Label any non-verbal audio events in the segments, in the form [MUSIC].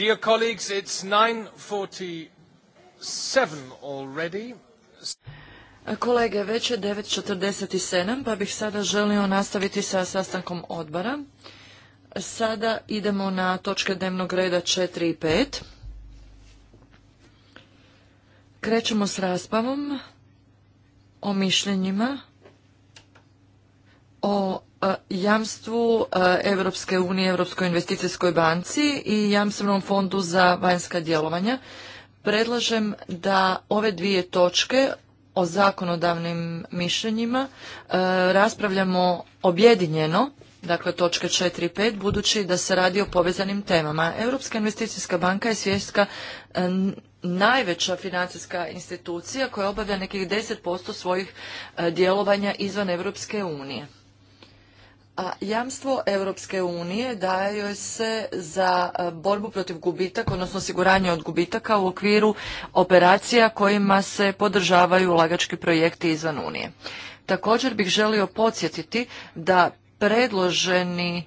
Dear colleagues, it's 9:47 already. Kolege, već je 9:47, pa bih sada želio nastaviti sa sastankom odbora. Sada idemo na točke dnevnog reda 4 i 5. Krećemo s raspravom o mišljenjima o E, jamstvu Europske unije, Europskoj investicijskoj banci i jamstvenom fondu za vanjska djelovanja. Predlažem da ove dvije točke o zakonodavnim mišljenjima e, raspravljamo objedinjeno, dakle točke 4 i 5, budući da se radi o povezanim temama. Europska investicijska banka je svjetska e, najveća financijska institucija koja obavlja nekih 10% svojih djelovanja izvan Europske unije. A jamstvo Europske unije daje joj se za e, borbu protiv gubitaka, odnosno osiguranje od gubitaka u okviru operacija kojima se podržavaju ulagački projekti izvan Unije. Također bih želio podsjetiti da predloženi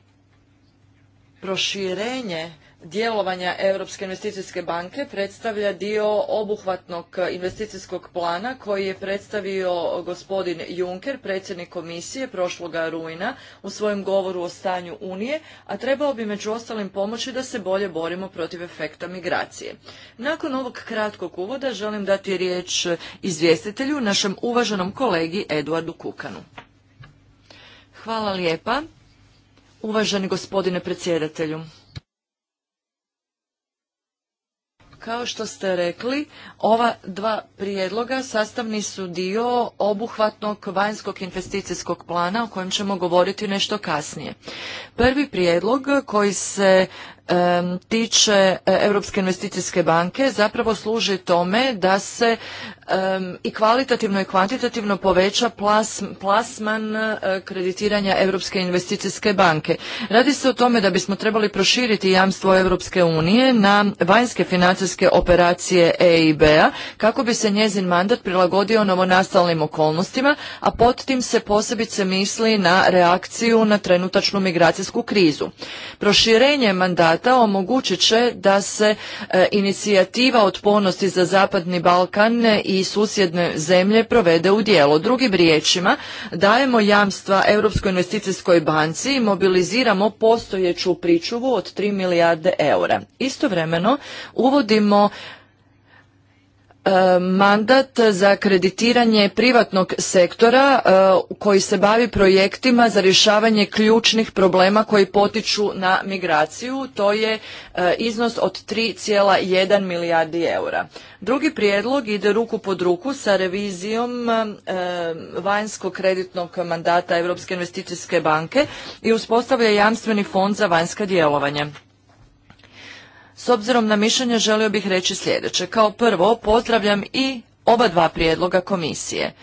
proširenje djelovanja Europske investicijske banke predstavlja dio obuhvatnog investicijskog plana koji je predstavio gospodin Juncker, predsjednik komisije prošloga rujna u svojem govoru o stanju Unije, a trebao bi među ostalim pomoći da se bolje borimo protiv efekta migracije. Nakon ovog kratkog uvoda želim dati riječ izvjestitelju, našem uvaženom kolegi Eduardu Kukanu. Hvala lijepa, uvaženi gospodine predsjedatelju. Kao što ste rekli, ova dva prijedloga sastavni su dio obuhvatnog vanjskog investicijskog plana o kojem ćemo govoriti nešto kasnije. Prvi prijedlog koji se tiče e, Europske investicijske banke zapravo služi tome da se i kvalitativno i kvantitativno poveća plasman e, kreditiranja Europske investicijske banke. Radi se o tome da bismo trebali proširiti jamstvo Europske unije na vanjske financijske operacije EIB-a kako bi se njezin mandat prilagodio novonastalnim okolnostima, a pod tim se posebice misli na reakciju na trenutačnu migracijsku krizu. Proširenje mandata omogućit će da se e, inicijativa otpornosti za Zapadni Balkan i i susjedne zemlje provede u djelo. Drugim riječima dajemo jamstva Europskoj investicijskoj banci i mobiliziramo postojeću pričuvu od 3 milijarde eura. Istovremeno uvodimo E, mandat za kreditiranje privatnog sektora e, koji se bavi projektima za rješavanje ključnih problema koji potiču na migraciju. To je e, iznos od 3,1 milijardi eura. Drugi prijedlog ide ruku pod ruku sa revizijom vanjskog kreditnog mandata Europske investicijske banke i uspostavlja jamstveni fond za vanjska djelovanja. S obzirom na mišljenje želio bih reći sljedeće. Kao prvo, pozdravljam i oba dva prijedloga komisije.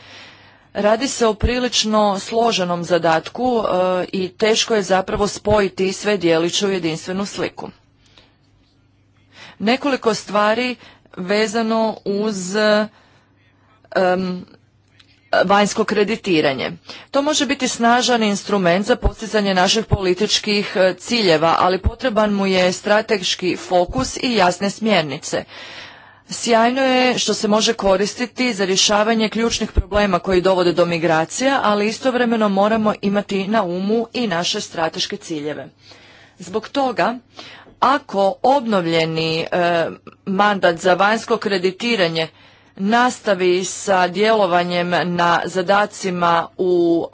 Radi se o prilično složenom zadatku e, i teško je zapravo spojiti sve dijeliće u jedinstvenu sliku. Nekoliko stvari vezano uz vanjsko kreditiranje. To može biti snažan instrument za postizanje naših političkih e, ciljeva, ali potreban mu je strateški fokus i jasne smjernice. Sjajno je što se može koristiti za rješavanje ključnih problema koji dovode do migracija, ali istovremeno moramo imati na umu i naše strateške ciljeve. Zbog toga, ako obnovljeni e, mandat za vanjsko kreditiranje nastavi sa djelovanjem na zadacima u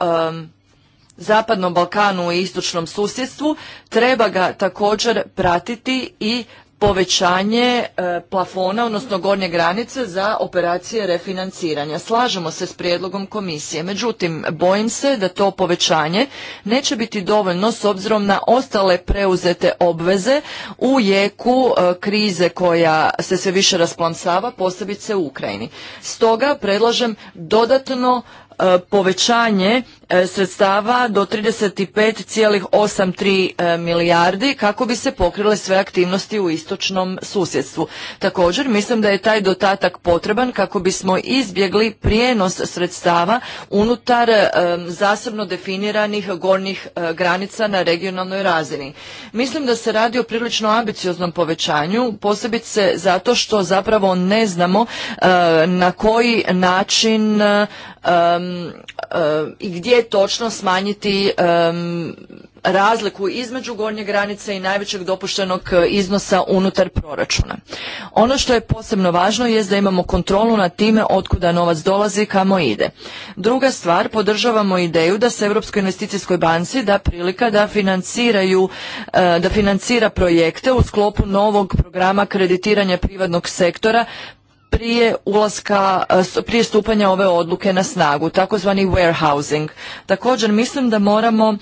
Zapadnom Balkanu i istočnom susjedstvu, treba ga također pratiti i povećanje e, plafona, odnosno gornje granice za operacije refinanciranja. Slažemo se s prijedlogom komisije, međutim bojim se da to povećanje neće biti dovoljno s obzirom na ostale preuzete obveze u jeku e, krize koja se sve više rasplamsava, posebice u Ukrajini. Stoga predlažem dodatno povećanje e, sredstava do 35,83 e, milijardi kako bi se pokrile sve aktivnosti u istočnom susjedstvu. Također mislim da je taj dotatak potreban kako bismo izbjegli prijenos sredstava unutar e, zasebno definiranih gornjih granica na regionalnoj razini. Mislim da se radi o prilično ambicioznom povećanju, posebice zato što zapravo ne znamo na koji način um, i gdje točno smanjiti razliku između gornje granice i najvećeg dopuštenog e, iznosa unutar proračuna. Ono što je posebno važno je da imamo kontrolu nad time otkuda novac dolazi i kamo ide. Druga stvar, podržavamo ideju da se Europskoj investicijskoj banci da prilika da financiraju, e, da financira projekte u sklopu novog programa kreditiranja privatnog sektora prije ulaska, e, prije stupanja ove odluke na snagu, takozvani warehousing. Također mislim da moramo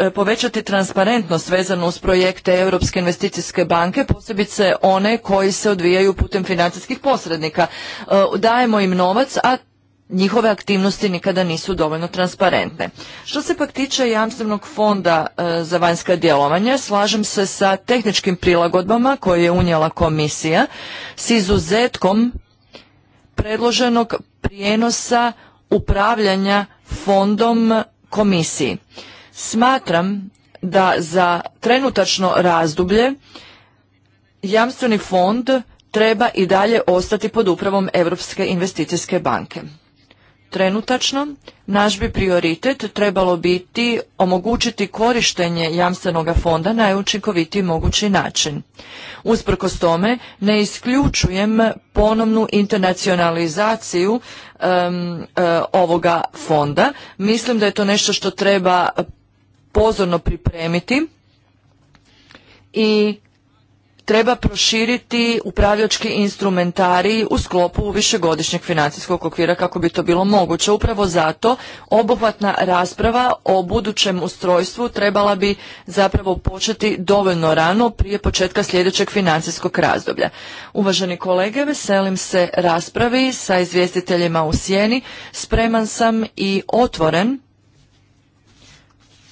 e, povećati transparentnost vezanu uz projekte Europske investicijske banke, posebice one koji se odvijaju putem financijskih posrednika. E, dajemo im novac, a njihove aktivnosti nikada nisu dovoljno transparentne. Što se pak tiče jamstvenog fonda e, za vanjska djelovanja, slažem se sa tehničkim prilagodbama koje je unijela komisija s izuzetkom predloženog prijenosa upravljanja fondom komisiji. Smatram da za trenutačno razdoblje jamstveni fond treba i dalje ostati pod upravom Europske investicijske banke. Trenutačno naš bi prioritet trebalo biti omogućiti korištenje jamstvenog fonda na najučinkovitiji mogući način. Usprkos tome ne isključujem ponovnu internacionalizaciju e, ovoga fonda. Mislim da je to nešto što treba pozorno pripremiti i treba proširiti upravljački instrumentarij u sklopu višegodišnjeg financijskog okvira kako bi to bilo moguće. Upravo zato obuhvatna rasprava o budućem ustrojstvu trebala bi zapravo početi dovoljno rano prije početka sljedećeg financijskog razdoblja. Uvaženi kolege, veselim se raspravi sa izvjestiteljima u sjeni. Spreman sam i otvoren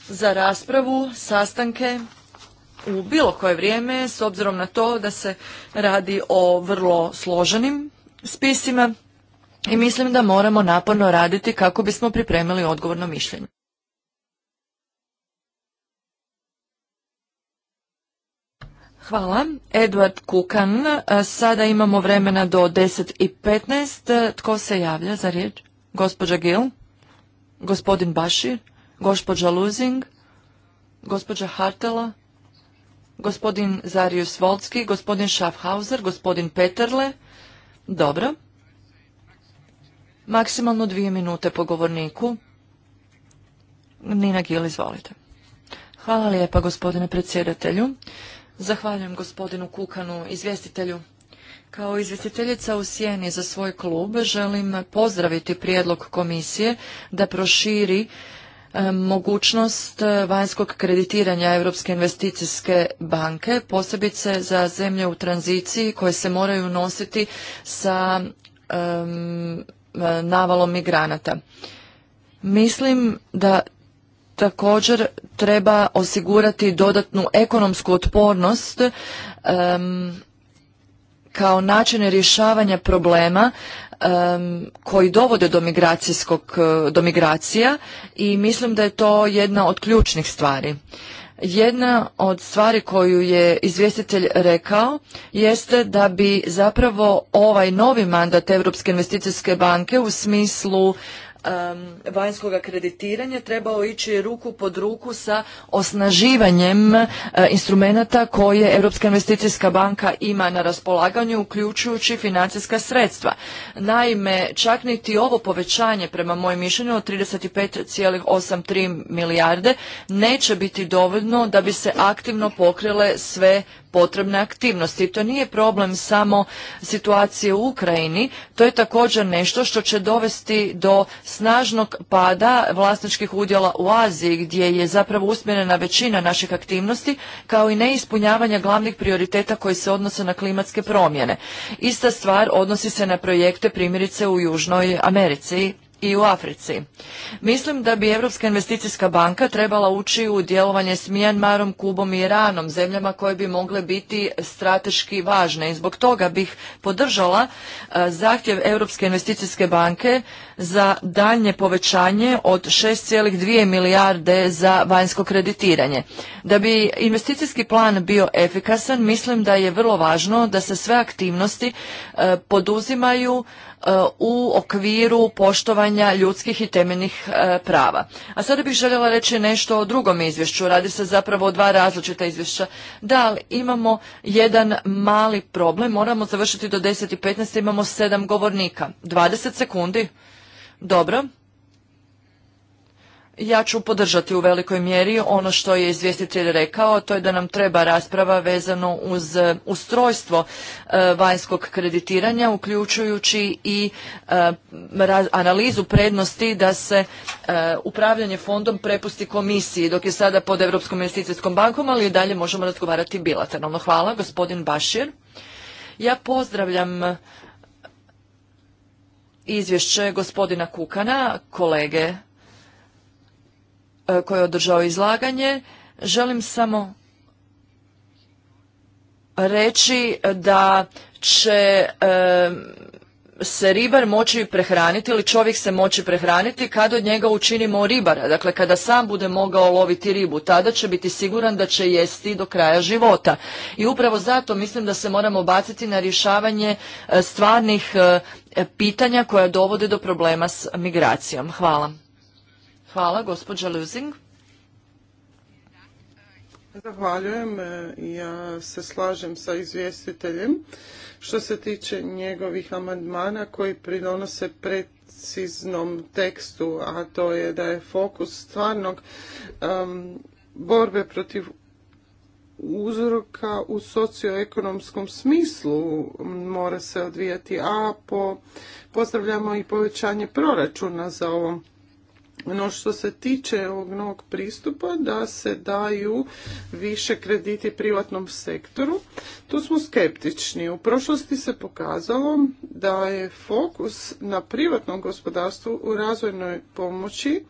za raspravu, sastanke u bilo koje vrijeme s obzirom na to da se radi o vrlo složenim spisima i mislim da moramo naporno raditi kako bismo pripremili odgovorno mišljenje. Hvala. Edward Kukan, sada imamo vremena do 10 i 15. Tko se javlja za riječ? Gospođa Gil, gospodin Bašir, gospođa Luzing, gospođa Hartela, gospodin Zarius Volski, gospodin Schaffhauser, gospodin Peterle. Dobro. Maksimalno dvije minute po govorniku. Nina Gil, izvolite. Hvala lijepa gospodine predsjedatelju. Zahvaljujem gospodinu Kukanu, izvjestitelju. Kao izvjestiteljica u Sjeni za svoj klub želim pozdraviti prijedlog komisije da proširi E, mogućnost e, vanjskog kreditiranja Europske investicijske banke, posebice za zemlje u tranziciji koje se moraju nositi sa e, navalom migranata. Mislim da također treba osigurati dodatnu ekonomsku otpornost kao način rješavanja problema koji dovode do, migracijskog, eh, do migracija i mislim da je to jedna od ključnih stvari. Jedna od stvari koju je izvjestitelj rekao jeste da bi zapravo ovaj novi mandat Europske investicijske banke u smislu vanjskog kreditiranja trebao ići ruku pod ruku sa osnaživanjem e, instrumenata koje Europska investicijska banka ima na raspolaganju, uključujući financijska sredstva. Naime, čak niti ovo povećanje, prema mojem mišljenju, od 35,83 milijarde neće biti dovoljno da bi se aktivno pokrile sve potrebne aktivnosti. to nije problem samo situacije u Ukrajini, to je također nešto što će dovesti do snažnog pada vlasničkih udjela u Aziji gdje je zapravo usmjerena većina naših aktivnosti kao i neispunjavanja glavnih prioriteta koji se odnose na klimatske promjene. Ista stvar odnosi se na projekte primjerice u Južnoj Americi i u Africi. Mislim da bi Europska investicijska banka trebala ući u djelovanje s Mijanmarom, Kubom i Iranom, zemljama koje bi mogle biti strateški važne i zbog toga bih podržala e, zahtjev Europske investicijske banke za daljnje povećanje od 6,2 milijarde za vanjsko kreditiranje. Da bi investicijski plan bio efikasan, mislim da je vrlo važno da se sve aktivnosti e, poduzimaju E, u okviru poštovanja ljudskih i temeljnih e, prava. A sada bih željela reći nešto o drugom izvješću. Radi se zapravo o dva različita izvješća. Da, ali imamo jedan mali problem. Moramo završiti do 10.15. i Imamo sedam govornika. 20 sekundi. Dobro. Ja ću podržati u velikoj mjeri ono što je izvjestitelj rekao, to je da nam treba rasprava vezano uz e, ustrojstvo e, vanjskog kreditiranja, uključujući i e, analizu prednosti da se upravljanje fondom prepusti komisiji, dok je sada pod Europskom investicijskom bankom, ali i dalje možemo razgovarati bilateralno. Hvala, gospodin Bašir. Ja pozdravljam izvješće gospodina Kukana, kolege E, koji je održao izlaganje. Želim samo reći da će e, se ribar moći prehraniti ili čovjek se moći prehraniti kad od njega učinimo ribara. Dakle, kada sam bude mogao loviti ribu, tada će biti siguran da će jesti do kraja života. I upravo zato mislim da se moramo baciti na rješavanje e, stvarnih pitanja koja dovode do problema s migracijom. Hvala. Hvala, gospođa Luzing. Zahvaljujem. E, ja se slažem sa izvjestiteljem što se tiče njegovih amandmana koji pridonose preciznom tekstu, a to je da je fokus stvarnog borbe protiv uzroka u socioekonomskom smislu mora se odvijati, a po, pozdravljamo i povećanje proračuna za ovo no što se tiče ovog novog pristupa da se daju više krediti privatnom sektoru, tu smo skeptični. U prošlosti se pokazalo da je fokus na privatnom gospodarstvu u razvojnoj pomoći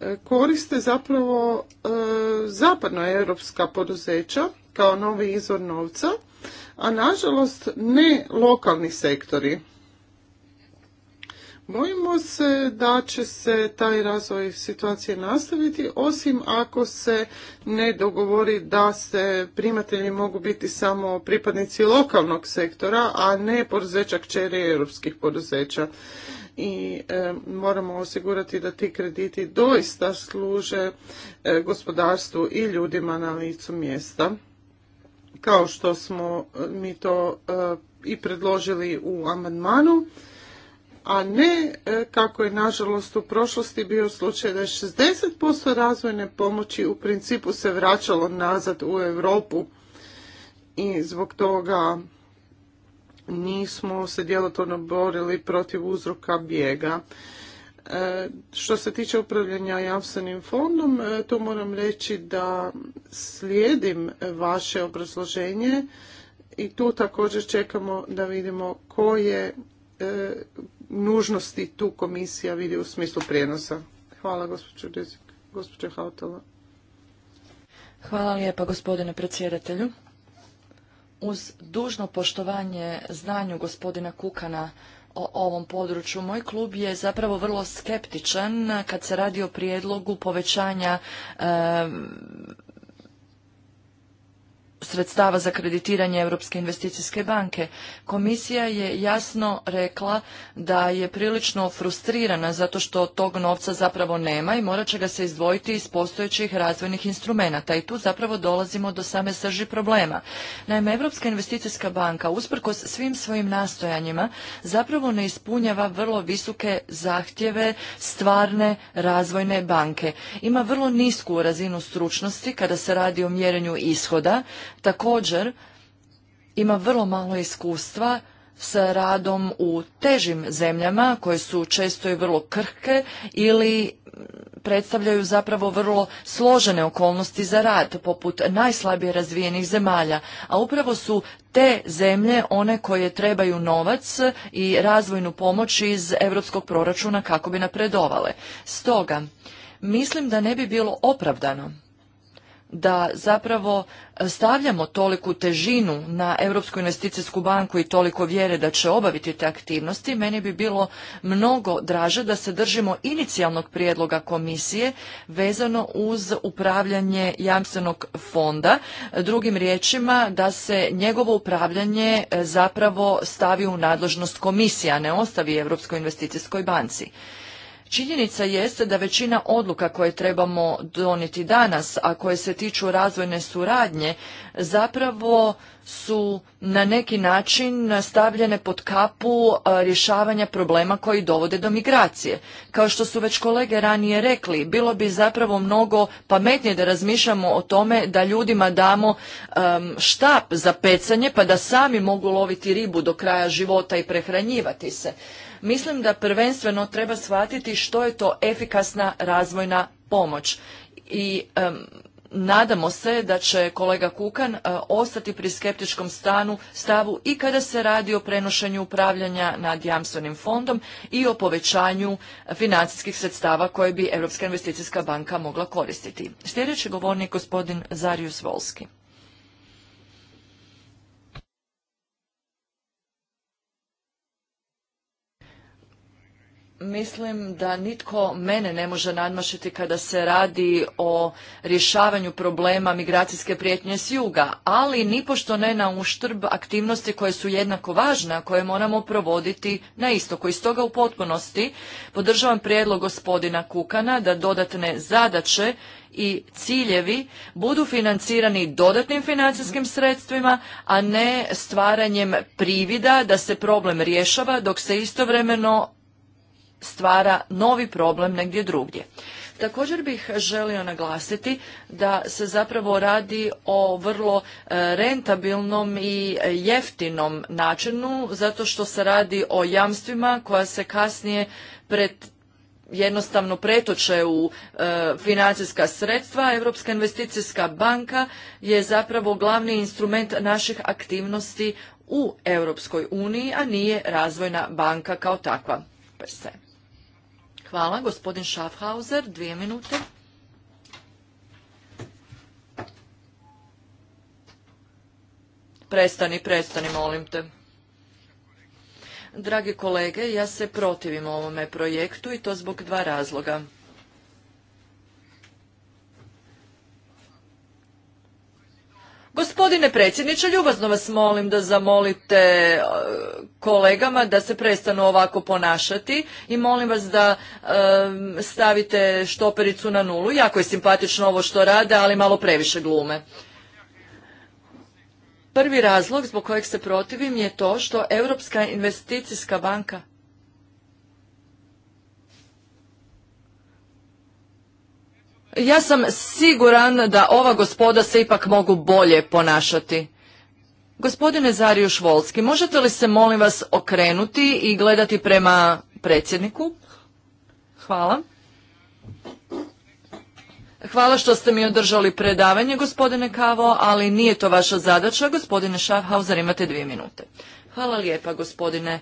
e, koriste zapravo e, europska poduzeća kao novi izvor novca, a nažalost ne lokalni sektori Bojimo se da će se taj razvoj situacije nastaviti, osim ako se ne dogovori da se primatelji mogu biti samo pripadnici lokalnog sektora, a ne poduzeća kćeri europskih poduzeća. I e, moramo osigurati da ti krediti doista služe e, gospodarstvu i ljudima na licu mjesta, kao što smo e, mi to i predložili u amandmanu a ne e, kako je nažalost u prošlosti bio slučaj da je 60% razvojne pomoći u principu se vraćalo nazad u Europu i zbog toga nismo se djelotvorno borili protiv uzroka bijega. E, što se tiče upravljanja javstvenim fondom, e, tu moram reći da slijedim vaše obrazloženje i tu također čekamo da vidimo koje nužnosti tu komisija vidi u smislu prijenosa. Hvala gospođo Rezik, gospođo Hautala. Hvala lijepa gospodine predsjedatelju. Uz dužno poštovanje znanju gospodina Kukana o ovom području. Moj klub je zapravo vrlo skeptičan kad se radi o prijedlogu povećanja sredstava za kreditiranje Europske investicijske banke. Komisija je jasno rekla da je prilično frustrirana zato što tog novca zapravo nema i morat će ga se izdvojiti iz postojećih razvojnih instrumenata i tu zapravo dolazimo do same srži problema. Naime, Europska investicijska banka usprkos svim svojim nastojanjima zapravo ne ispunjava vrlo visoke zahtjeve stvarne razvojne banke. Ima vrlo nisku razinu stručnosti kada se radi o mjerenju ishoda, Također, ima vrlo malo iskustva sa radom u težim zemljama koje su često i vrlo krhke ili predstavljaju zapravo vrlo složene okolnosti za rad, poput najslabije razvijenih zemalja, a upravo su te zemlje one koje trebaju novac i razvojnu pomoć iz europskog proračuna kako bi napredovale. Stoga, mislim da ne bi bilo opravdano da zapravo e, stavljamo toliku težinu na Europsku investicijsku banku i toliko vjere da će obaviti te aktivnosti, meni bi bilo mnogo draže da se držimo inicijalnog prijedloga komisije vezano uz upravljanje jamstvenog fonda. Drugim riječima da se njegovo upravljanje e, zapravo stavi u nadležnost a ne ostavi Europskoj investicijskoj banci. Činjenica jeste da većina odluka koje trebamo donijeti danas, a koje se tiču razvojne suradnje, zapravo su na neki način stavljene pod kapu e, rješavanja problema koji dovode do migracije. Kao što su već kolege ranije rekli, bilo bi zapravo mnogo pametnije da razmišljamo o tome da ljudima damo štap za pecanje pa da sami mogu loviti ribu do kraja života i prehranjivati se. Mislim da prvenstveno treba shvatiti što je to efikasna razvojna pomoć. I nadamo se da će kolega Kukan e, ostati pri skeptičkom stanu stavu i kada se radi o prenošenju upravljanja nad jamstvenim fondom i o povećanju financijskih sredstava koje bi Europska investicijska banka mogla koristiti. Sljedeći govornik gospodin Zarius Volski. Mislim da nitko mene ne može nadmašiti kada se radi o rješavanju problema migracijske prijetnje s juga, ali nipošto ne na uštrb aktivnosti koje su jednako važne, a koje moramo provoditi na istoku. I stoga u potpunosti podržavam prijedlog gospodina Kukana da dodatne zadaće i ciljevi budu financirani dodatnim financijskim sredstvima, a ne stvaranjem privida da se problem rješava dok se istovremeno stvara novi problem negdje drugdje. Također bih želio naglasiti da se zapravo radi o vrlo e, rentabilnom i jeftinom načinu zato što se radi o jamstvima koja se kasnije pred jednostavno pretoče u e, financijska sredstva. Europska investicijska banka je zapravo glavni instrument naših aktivnosti u Europskoj uniji, a nije razvojna banka kao takva. Per se. Hvala. Gospodin Schaffhauser, dvije minute. Prestani, prestani, molim te. Dragi kolege, ja se protivim ovome projektu i to zbog dva razloga. Gospodine predsjedniče, ljubazno vas molim da zamolite e, kolegama da se prestanu ovako ponašati i molim vas da e, stavite štopericu na nulu. Jako je simpatično ovo što rade, ali malo previše glume. Prvi razlog zbog kojeg se protivim je to što Europska investicijska banka Ja sam siguran da ova gospoda se ipak mogu bolje ponašati. Gospodine zariju Švolski, možete li se molim vas okrenuti i gledati prema predsjedniku? Hvala. Hvala što ste mi održali predavanje, gospodine Kavo, ali nije to vaša zadaća. Gospodine Schaffhauser, imate dvije minute. Hvala lijepa, gospodine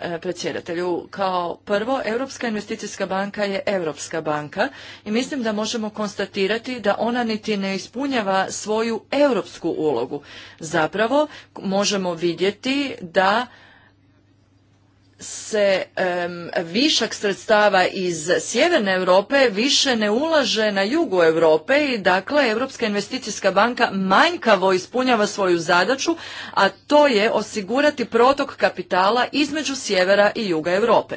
E, predsjedatelju. Kao prvo, Europska investicijska banka je Europska banka i mislim da možemo konstatirati da ona niti ne ispunjava svoju europsku ulogu. Zapravo, možemo vidjeti da se višak sredstava iz sjeverne Europe više ne ulaže na jugu Europe i dakle Europska investicijska banka manjkavo ispunjava svoju zadaću, a to je osigurati protok kapitala između sjevera i juga Europe.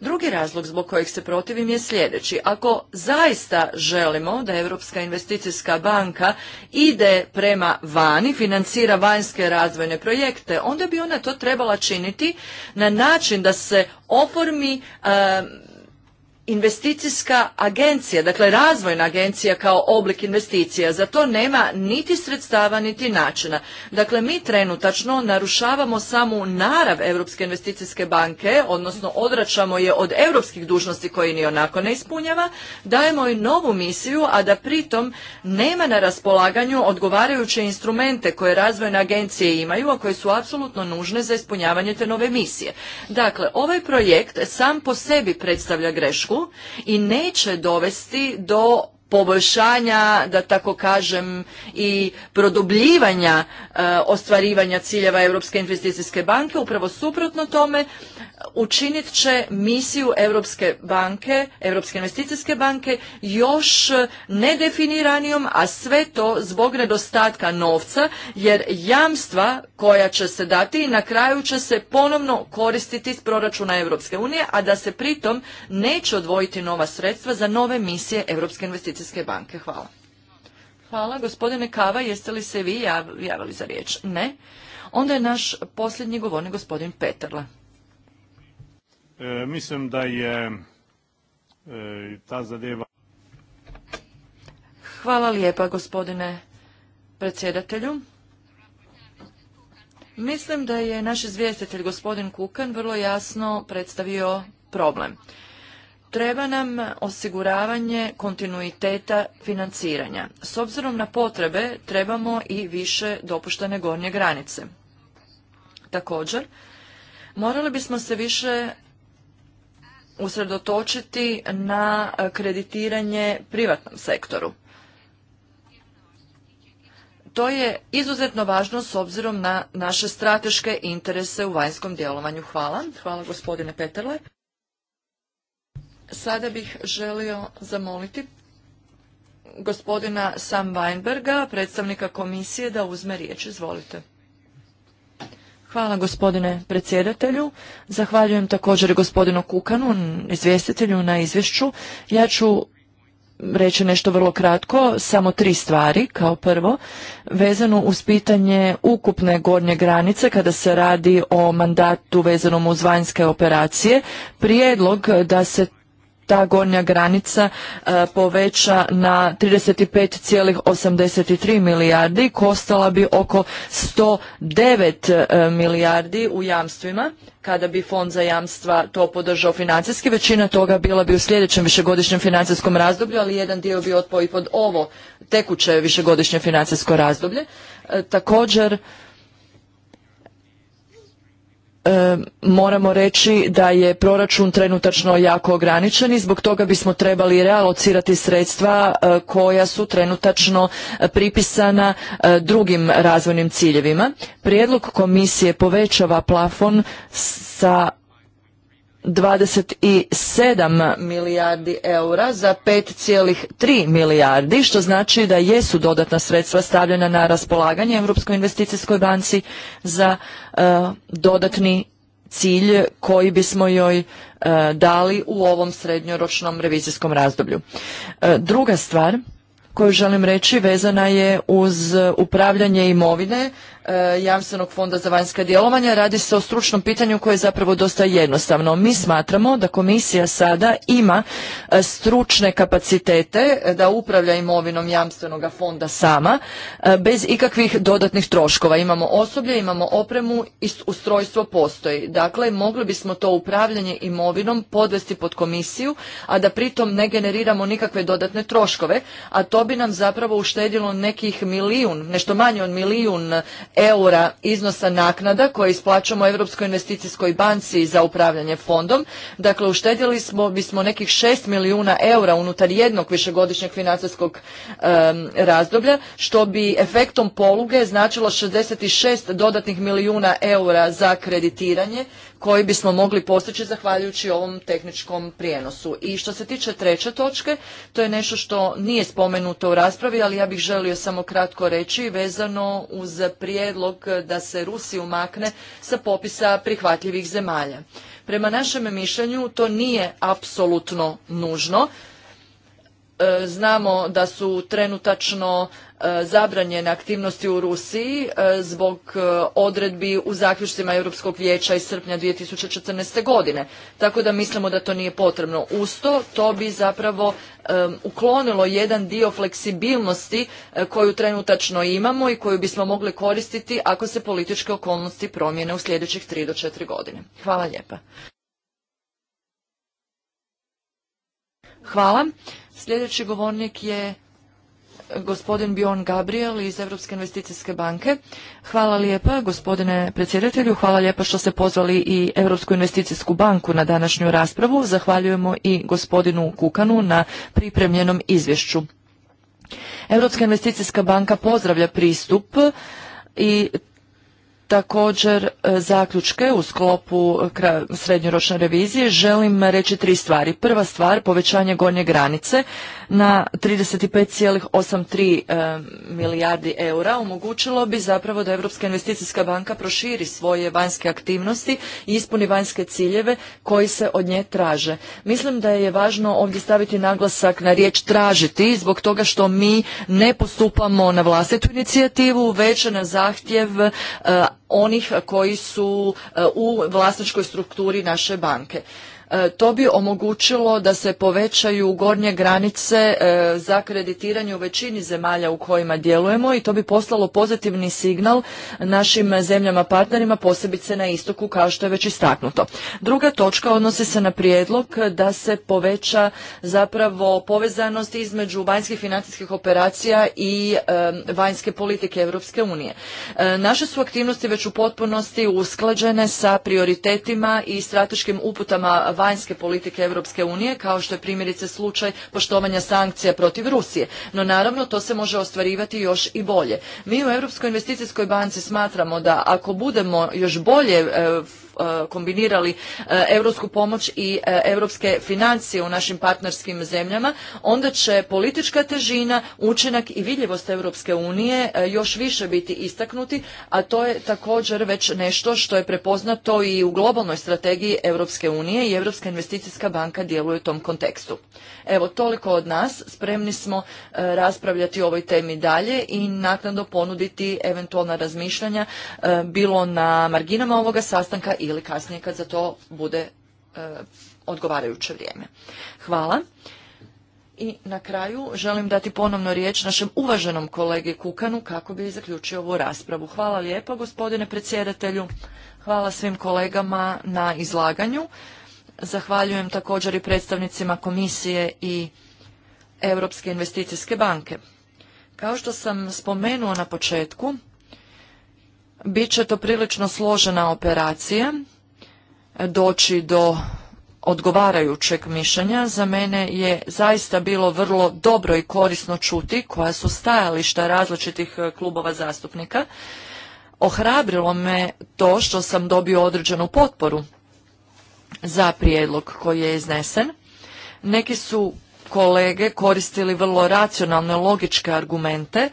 Drugi razlog zbog kojeg se protivim je sljedeći. Ako zaista želimo da Europska investicijska banka ide prema vani, financira vanjske razvojne projekte, onda bi ona to trebala činiti na način način da se oformi eh, investicijska agencija, dakle razvojna agencija kao oblik investicija, za to nema niti sredstava niti načina. Dakle, mi trenutačno narušavamo samu narav Europske investicijske banke, odnosno odračamo je od europskih dužnosti koji ni onako ne ispunjava, dajemo i novu misiju, a da pritom nema na raspolaganju odgovarajuće instrumente koje razvojne agencije imaju, a koje su apsolutno nužne za ispunjavanje te nove misije. Dakle, ovaj projekt sam po sebi predstavlja grešku, i neće dovesti do poboljšanja, da tako kažem, i produbljivanja e, ostvarivanja ciljeva Europske investicijske banke, upravo suprotno tome, učinit će misiju Europske banke, Europske investicijske banke još nedefiniranijom, a sve to zbog nedostatka novca, jer jamstva koja će se dati na kraju će se ponovno koristiti iz proračuna Europske unije, a da se pritom neće odvojiti nova sredstva za nove misije Europske investicijske banke. Hvala. Hvala. Gospodine Kava, jeste li se vi javili za riječ? Ne. Onda je naš posljednji govornik gospodin Peterla. E, mislim da je e, ta zadeva... Hvala lijepa gospodine predsjedatelju. Mislim da je naš izvjestitelj gospodin Kukan vrlo jasno predstavio problem. Treba nam osiguravanje kontinuiteta financiranja. S obzirom na potrebe trebamo i više dopuštene gornje granice. Također, morali bismo se više usredotočiti na e, kreditiranje privatnom sektoru. To je izuzetno važno s obzirom na naše strateške interese u vanjskom djelovanju. Hvala. Hvala gospodine Peterle. Sada bih želio zamoliti gospodina Sam Weinberga, predstavnika komisije, da uzme riječ. Izvolite. Hvala gospodine predsjedatelju. Zahvaljujem također gospodinu Kukanu, izvjestitelju na izvješću. Ja ću reći nešto vrlo kratko, samo tri stvari kao prvo, vezano uz pitanje ukupne gornje granice kada se radi o mandatu vezanom uz vanjske operacije, prijedlog da se ta gornja granica e, poveća na 35,83 milijardi, kostala bi oko 109 e, milijardi u jamstvima, kada bi fond za jamstva to podržao financijski. Većina toga bila bi u sljedećem višegodišnjem financijskom razdoblju, ali jedan dio bi otpao i pod ovo tekuće višegodišnje financijsko razdoblje. E, također, E, moramo reći da je proračun trenutačno jako ograničen i zbog toga bismo trebali realocirati sredstva e, koja su trenutačno pripisana e, drugim razvojnim ciljevima. Prijedlog komisije povećava plafon sa 27 milijardi eura za 5,3 milijardi, što znači da jesu dodatna sredstva stavljena na raspolaganje Europskoj investicijskoj banci za e, dodatni cilj koji bismo joj e, dali u ovom srednjoročnom revizijskom razdoblju. E, druga stvar koju želim reći vezana je uz upravljanje imovine E, jamstvenog fonda za vanjska djelovanja. Radi se o stručnom pitanju koje je zapravo dosta jednostavno. Mi smatramo da komisija sada ima e, stručne kapacitete e, da upravlja imovinom jamstvenog fonda sama bez ikakvih dodatnih troškova. Imamo osoblje, imamo opremu i ustrojstvo postoji. Dakle, mogli bismo to upravljanje imovinom podvesti pod komisiju, a da pritom ne generiramo nikakve dodatne troškove, a to bi nam zapravo uštedilo nekih milijun, nešto manje od milijun eura iznosa naknada koje isplaćamo Europskoj investicijskoj banci za upravljanje fondom. Dakle, uštedjeli smo, bismo nekih 6 milijuna eura unutar jednog višegodišnjeg financijskog razdoblja, što bi efektom poluge značilo 66 dodatnih milijuna eura za kreditiranje koji bismo mogli postići zahvaljujući ovom tehničkom prijenosu. I što se tiče treće točke, to je nešto što nije spomenuto u raspravi, ali ja bih želio samo kratko reći vezano uz prijedlog da se Rusiju makne sa popisa prihvatljivih zemalja. Prema našem mišljenju to nije apsolutno nužno, E, znamo da su trenutačno e, zabranjene aktivnosti u Rusiji e, zbog odredbi u zaključcima Europskog vijeća iz srpnja 2014. godine. Tako da mislimo da to nije potrebno. Usto to bi zapravo uklonilo jedan dio fleksibilnosti koju trenutačno imamo i koju bismo mogli koristiti ako se političke okolnosti promijene u sljedećih 3 do 4 godine. Hvala lijepa. Hvala. Sljedeći govornik je eh, gospodin Bjorn Gabriel iz Europske investicijske banke. Hvala lijepa gospodine predsjedatelju, hvala lijepa što ste pozvali i Europsku investicijsku banku na današnju raspravu. Zahvaljujemo i gospodinu Kukanu na pripremljenom izvješću. Europska investicijska banka pozdravlja pristup i također e, zaključke u sklopu e, srednjoročne revizije želim reći tri stvari. Prva stvar, povećanje gornje granice na 35,83 e, milijardi eura omogućilo bi zapravo da Europska investicijska banka proširi svoje vanjske aktivnosti i ispuni vanjske ciljeve koji se od nje traže. Mislim da je važno ovdje staviti naglasak na riječ tražiti zbog toga što mi ne postupamo na vlastitu inicijativu, već na zahtjev onih koji su e, u vlasničkoj strukturi naše banke. E, to bi omogućilo da se povećaju gornje granice e, za kreditiranje u većini zemalja u kojima djelujemo i to bi poslalo pozitivni signal našim zemljama partnerima, posebice na istoku kao što je već istaknuto. Druga točka odnosi se na prijedlog da se poveća zapravo povezanost između vanjskih financijskih operacija i e, vanjske politike Europske unije. Naše su aktivnosti već u potpunosti usklađene sa prioritetima i strateškim uputama vanjske politike Europske unije, kao što je primjerice slučaj poštovanja sankcija protiv Rusije. No naravno to se može ostvarivati još i bolje. Mi u Europskoj investicijskoj banci smatramo da ako budemo još bolje e, E, kombinirali europsku pomoć i europske financije u našim partnerskim zemljama, onda će politička težina, učinak i vidljivost Europske unije e, još više biti istaknuti, a to je također već nešto što je prepoznato i u globalnoj strategiji Europske unije i Europska investicijska banka djeluje u tom kontekstu. Evo, toliko od nas. Spremni smo e, raspravljati o ovoj temi dalje i naknadno ponuditi eventualna razmišljanja bilo na marginama ovoga sastanka ili kasnije kad za to bude e, odgovarajuće vrijeme. Hvala. I na kraju želim dati ponovno riječ našem uvaženom kolegi Kukanu kako bi zaključio ovu raspravu. Hvala lijepo gospodine predsjedatelju, hvala svim kolegama na izlaganju. Zahvaljujem također i predstavnicima komisije i Europske investicijske banke. Kao što sam spomenuo na početku, će to prilično složena operacija, doći do odgovarajućeg mišljenja. Za mene je zaista bilo vrlo dobro i korisno čuti koja su stajališta različitih e, klubova zastupnika. Ohrabrilo me to što sam dobio određenu potporu za prijedlog koji je iznesen. Neki su kolege koristili vrlo racionalne logičke argumente.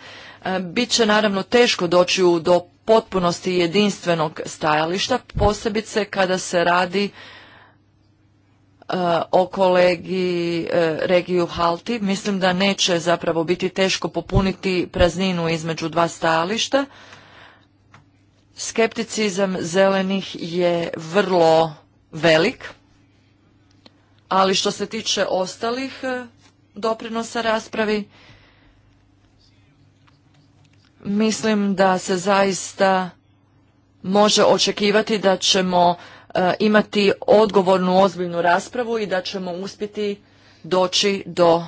E, Biće naravno teško doći do potpunosti jedinstvenog stajališta, posebice kada se radi e, o kolegi e, regiju Halti. Mislim da neće zapravo biti teško popuniti prazninu između dva stajališta. Skepticizam zelenih je vrlo velik, ali što se tiče ostalih e, doprinosa raspravi, mislim da se zaista može očekivati da ćemo e, imati odgovornu ozbiljnu raspravu i da ćemo uspjeti doći do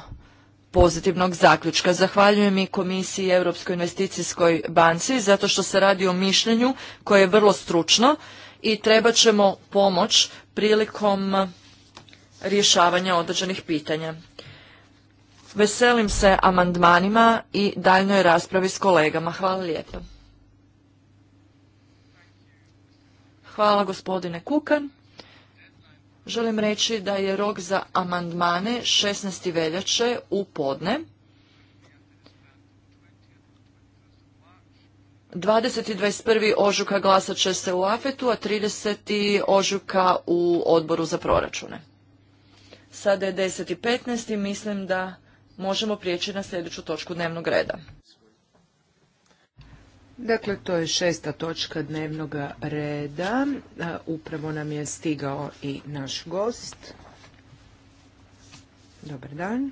pozitivnog zaključka. Zahvaljujem i Komisiji Europskoj investicijskoj banci zato što se radi o mišljenju koje je vrlo stručno i treba ćemo pomoć prilikom rješavanja određenih pitanja. Veselim se amandmanima i daljnoj raspravi s kolegama. Hvala lijepo. Hvala gospodine Kukan. Želim reći da je rok za amandmane 16. veljače u podne. 20. i 21. ožuka glasat će se u afetu, a 30. ožuka u odboru za proračune. Sada je 10. i 15. Mislim da možemo prijeći na sljedeću točku dnevnog reda. Dakle, to je šesta točka dnevnog reda. Upravo nam je stigao i naš gost. Dobar dan.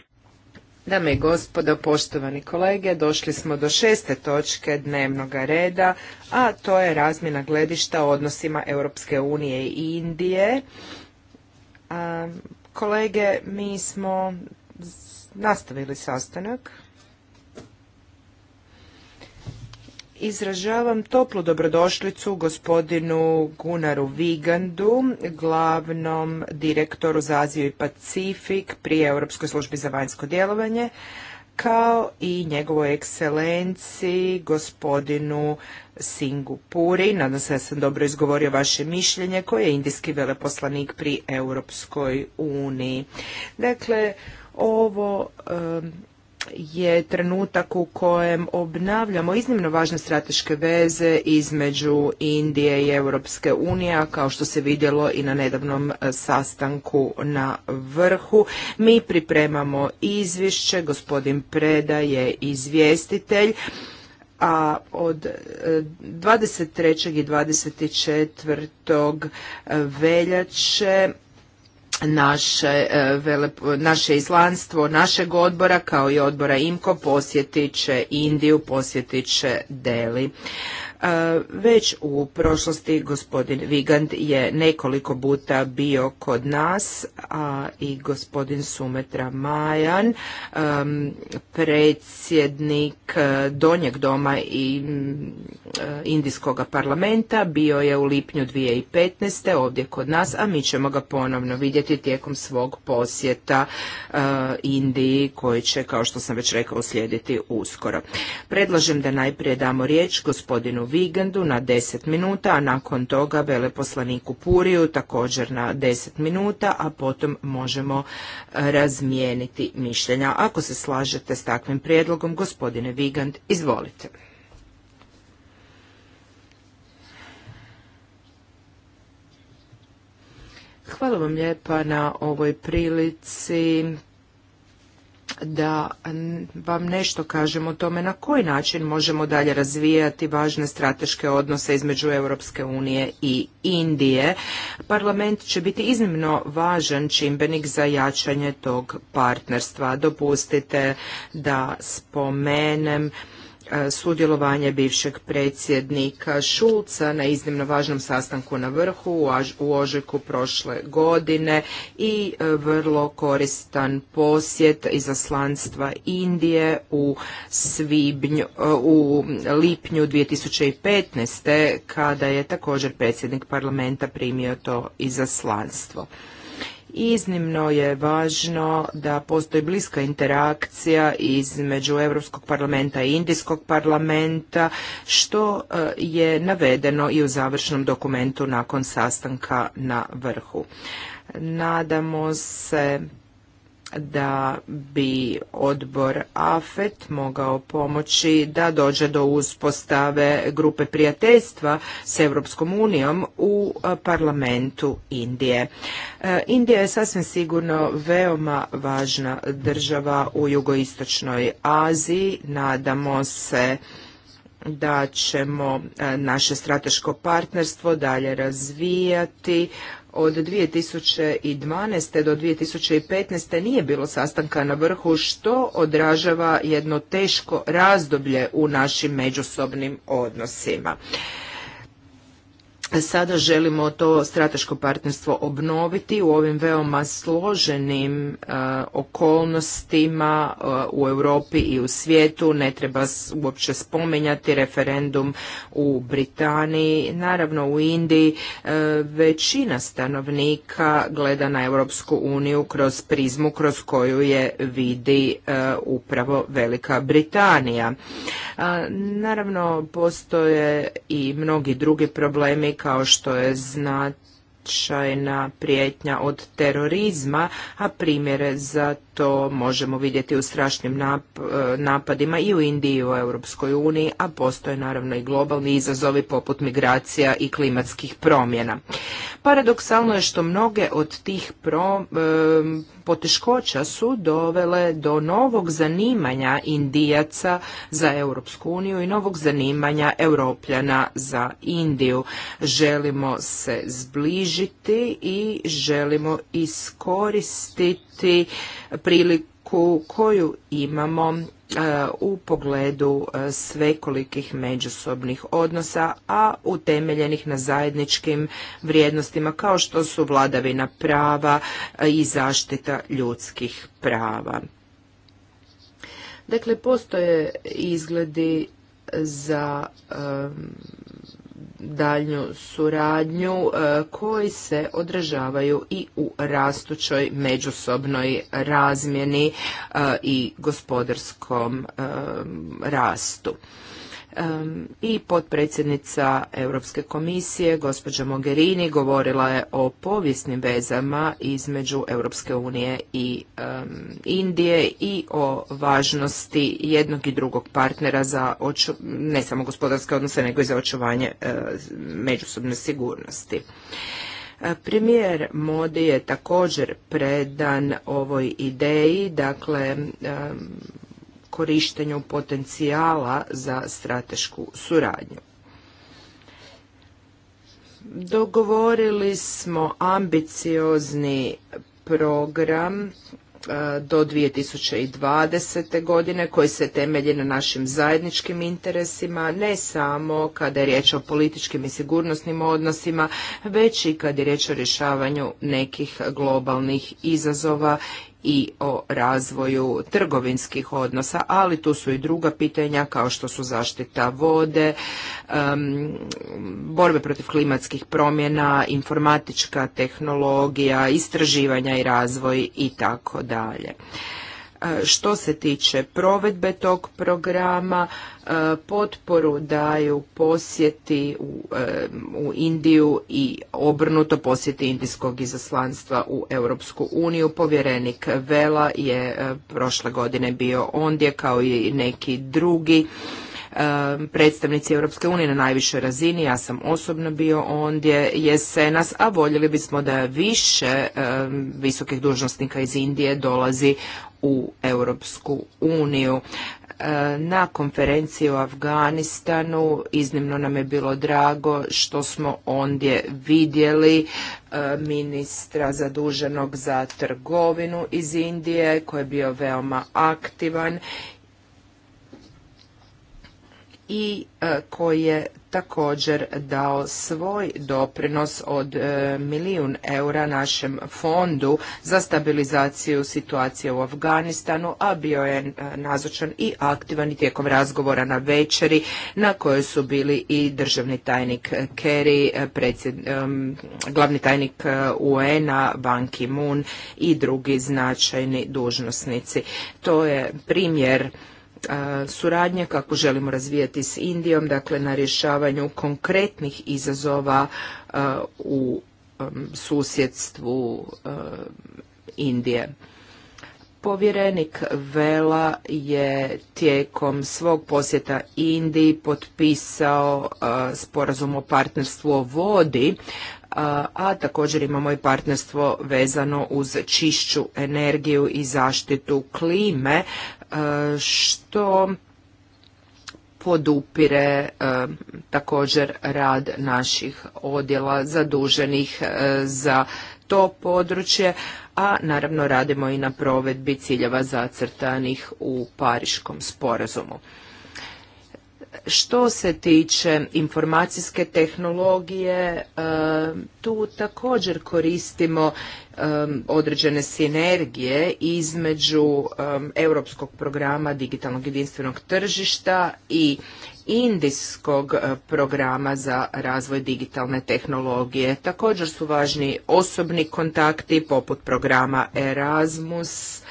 Dame i gospodo, poštovani kolege, došli smo do šeste točke dnevnog reda, a to je razmjena gledišta o odnosima Europske unije i Indije. kolege, mi smo nastavili sastanak. Izražavam toplu dobrodošlicu gospodinu Gunaru Vigandu, glavnom direktoru za Aziju i Pacifik pri Europskoj službi za vanjsko djelovanje, kao i njegovoj ekscelenci gospodinu Singu Puri. Nadam se da sam dobro izgovorio vaše mišljenje koji je indijski veleposlanik pri Europskoj uniji. Dakle, ovo je trenutak u kojem obnavljamo iznimno važne strateške veze između Indije i Europske unije, kao što se vidjelo i na nedavnom e, sastanku na vrhu. Mi pripremamo izvješće, gospodin Preda je izvjestitelj a od 23. E, i 24. veljače naše, e, naše izlanstvo našeg odbora kao i odbora IMKO posjetit će Indiju, posjetit će Deli. Već u prošlosti gospodin Vigand je nekoliko puta bio kod nas, a i gospodin Sumetra Majan, predsjednik e, Donjeg doma i e, Indijskog parlamenta, bio je u lipnju 2015. ovdje kod nas, a mi ćemo ga ponovno vidjeti tijekom svog posjeta e, Indiji koji će, kao što sam već rekao, slijediti uskoro. Predlažem da najprije damo riječ gospodinu Vigandu na 10 minuta, a nakon toga veleposlaniku Puriju također na 10 minuta, a potom možemo e, razmijeniti mišljenja. Ako se slažete s takvim prijedlogom, gospodine Vigand, izvolite. Hvala vam lijepa na ovoj prilici da vam nešto kažem o tome na koji način možemo dalje razvijati važne strateške odnose između Europske unije i Indije. Parlament će biti iznimno važan čimbenik za jačanje tog partnerstva. Dopustite da spomenem E, sudjelovanje bivšeg predsjednika Šulca na iznimno važnom sastanku na vrhu u ožujku prošle godine i e, vrlo koristan posjet izaslanstva Indije u svibnju e, u lipnju 2015. kada je također predsjednik parlamenta primio to izaslanstvo. Iznimno je važno da postoji bliska interakcija između Europskog parlamenta i Indijskog parlamenta, što e, je navedeno i u završnom dokumentu nakon sastanka na vrhu. Nadamo se da bi odbor AFET mogao pomoći da dođe do uspostave grupe prijateljstva s Europskom unijom u parlamentu Indije. E, Indija je sasvim sigurno veoma važna država u jugoistočnoj Aziji. Nadamo se da ćemo naše strateško partnerstvo dalje razvijati od 2012. do 2015. nije bilo sastanka na vrhu što odražava jedno teško razdoblje u našim međusobnim odnosima. Dakle, sada želimo to strateško partnerstvo obnoviti u ovim veoma složenim e, okolnostima e, u Europi i u svijetu. Ne treba uopće spominjati referendum u Britaniji. Naravno u Indiji e, većina stanovnika gleda na Europsku uniju kroz prizmu kroz koju je vidi upravo Velika Britanija. Naravno postoje i mnogi drugi problemi kao što je značajna prijetnja od terorizma, a primjere za to možemo vidjeti u strašnim e, napadima i u Indiji i u Europskoj uniji, a postoje naravno i globalni izazovi poput migracija i klimatskih promjena. Paradoksalno je što mnoge od tih e, poteškoća su dovele do novog zanimanja Indijaca za Europsku uniju i novog zanimanja Europljana za Indiju. Želimo se zbližiti i želimo iskoristiti priliku koju imamo e, u pogledu e, svekolikih međusobnih odnosa, a utemeljenih na zajedničkim vrijednostima kao što su vladavina prava e, i zaštita ljudskih prava. Dakle, postoje izgledi za daljnju suradnju e, koji se odražavaju i u rastućoj međusobnoj razmjeni e, i gospodarskom e, rastu i potpredsjednica Europske komisije, gospođa Mogherini, govorila je o povijesnim vezama između Europske unije i Indije i o važnosti jednog i drugog partnera za ne samo gospodarske odnose, nego i za očuvanje e, međusobne sigurnosti. E, premijer Modi je također predan ovoj ideji, dakle korištenju potencijala za stratešku suradnju. Dogovorili smo ambiciozni program e, do 2020. godine koji se temelji na našim zajedničkim interesima, ne samo kada je riječ o političkim i sigurnosnim odnosima, već i kada je riječ o rješavanju nekih globalnih izazova i o razvoju trgovinskih odnosa, ali tu su i druga pitanja kao što su zaštita vode, borbe protiv klimatskih promjena, informatička tehnologija, istraživanja i razvoj i tako dalje što se tiče provedbe tog programa, potporu daju posjeti e, u, Indiju i obrnuto posjeti indijskog izaslanstva u Europsku uniju. Povjerenik Vela je e, prošle godine bio ondje kao i neki drugi predstavnici Europske unije na najvišoj razini, ja sam osobno bio ondje jesenas, a voljeli bismo da više visokih dužnosnika iz Indije dolazi u Europsku uniju. Na konferenciji u Afganistanu iznimno nam je bilo drago što smo ondje vidjeli ministra zaduženog za trgovinu iz Indije koji je bio veoma aktivan i e, koji je također dao svoj doprinos od e, milijun eura našem fondu za stabilizaciju situacije u Afganistanu, a bio je e, nazočan i aktivan i tijekom razgovora na večeri na kojoj su bili i državni tajnik Kerry, glavni tajnik UN-a, Ban Ki-moon i drugi značajni dužnosnici. To je primjer suradnje, kako želimo razvijati s Indijom, dakle na rješavanju konkretnih izazova u um, susjedstvu Indije. Povjerenik Vela je tijekom svog posjeta Indiji potpisao sporazum o partnerstvu o vodi, a, također imamo i partnerstvo vezano uz čišću energiju i zaštitu klime što podupire e, također rad naših odjela zaduženih e, za to područje, a naravno radimo i na provedbi ciljeva zacrtanih u Pariškom sporazumu. Što se tiče informacijske tehnologije, e, tu također koristimo e, određene sinergije između e, Europskog programa digitalnog jedinstvenog tržišta i indijskog programa za razvoj digitalne tehnologije. Također su važni osobni kontakti poput programa Erasmus.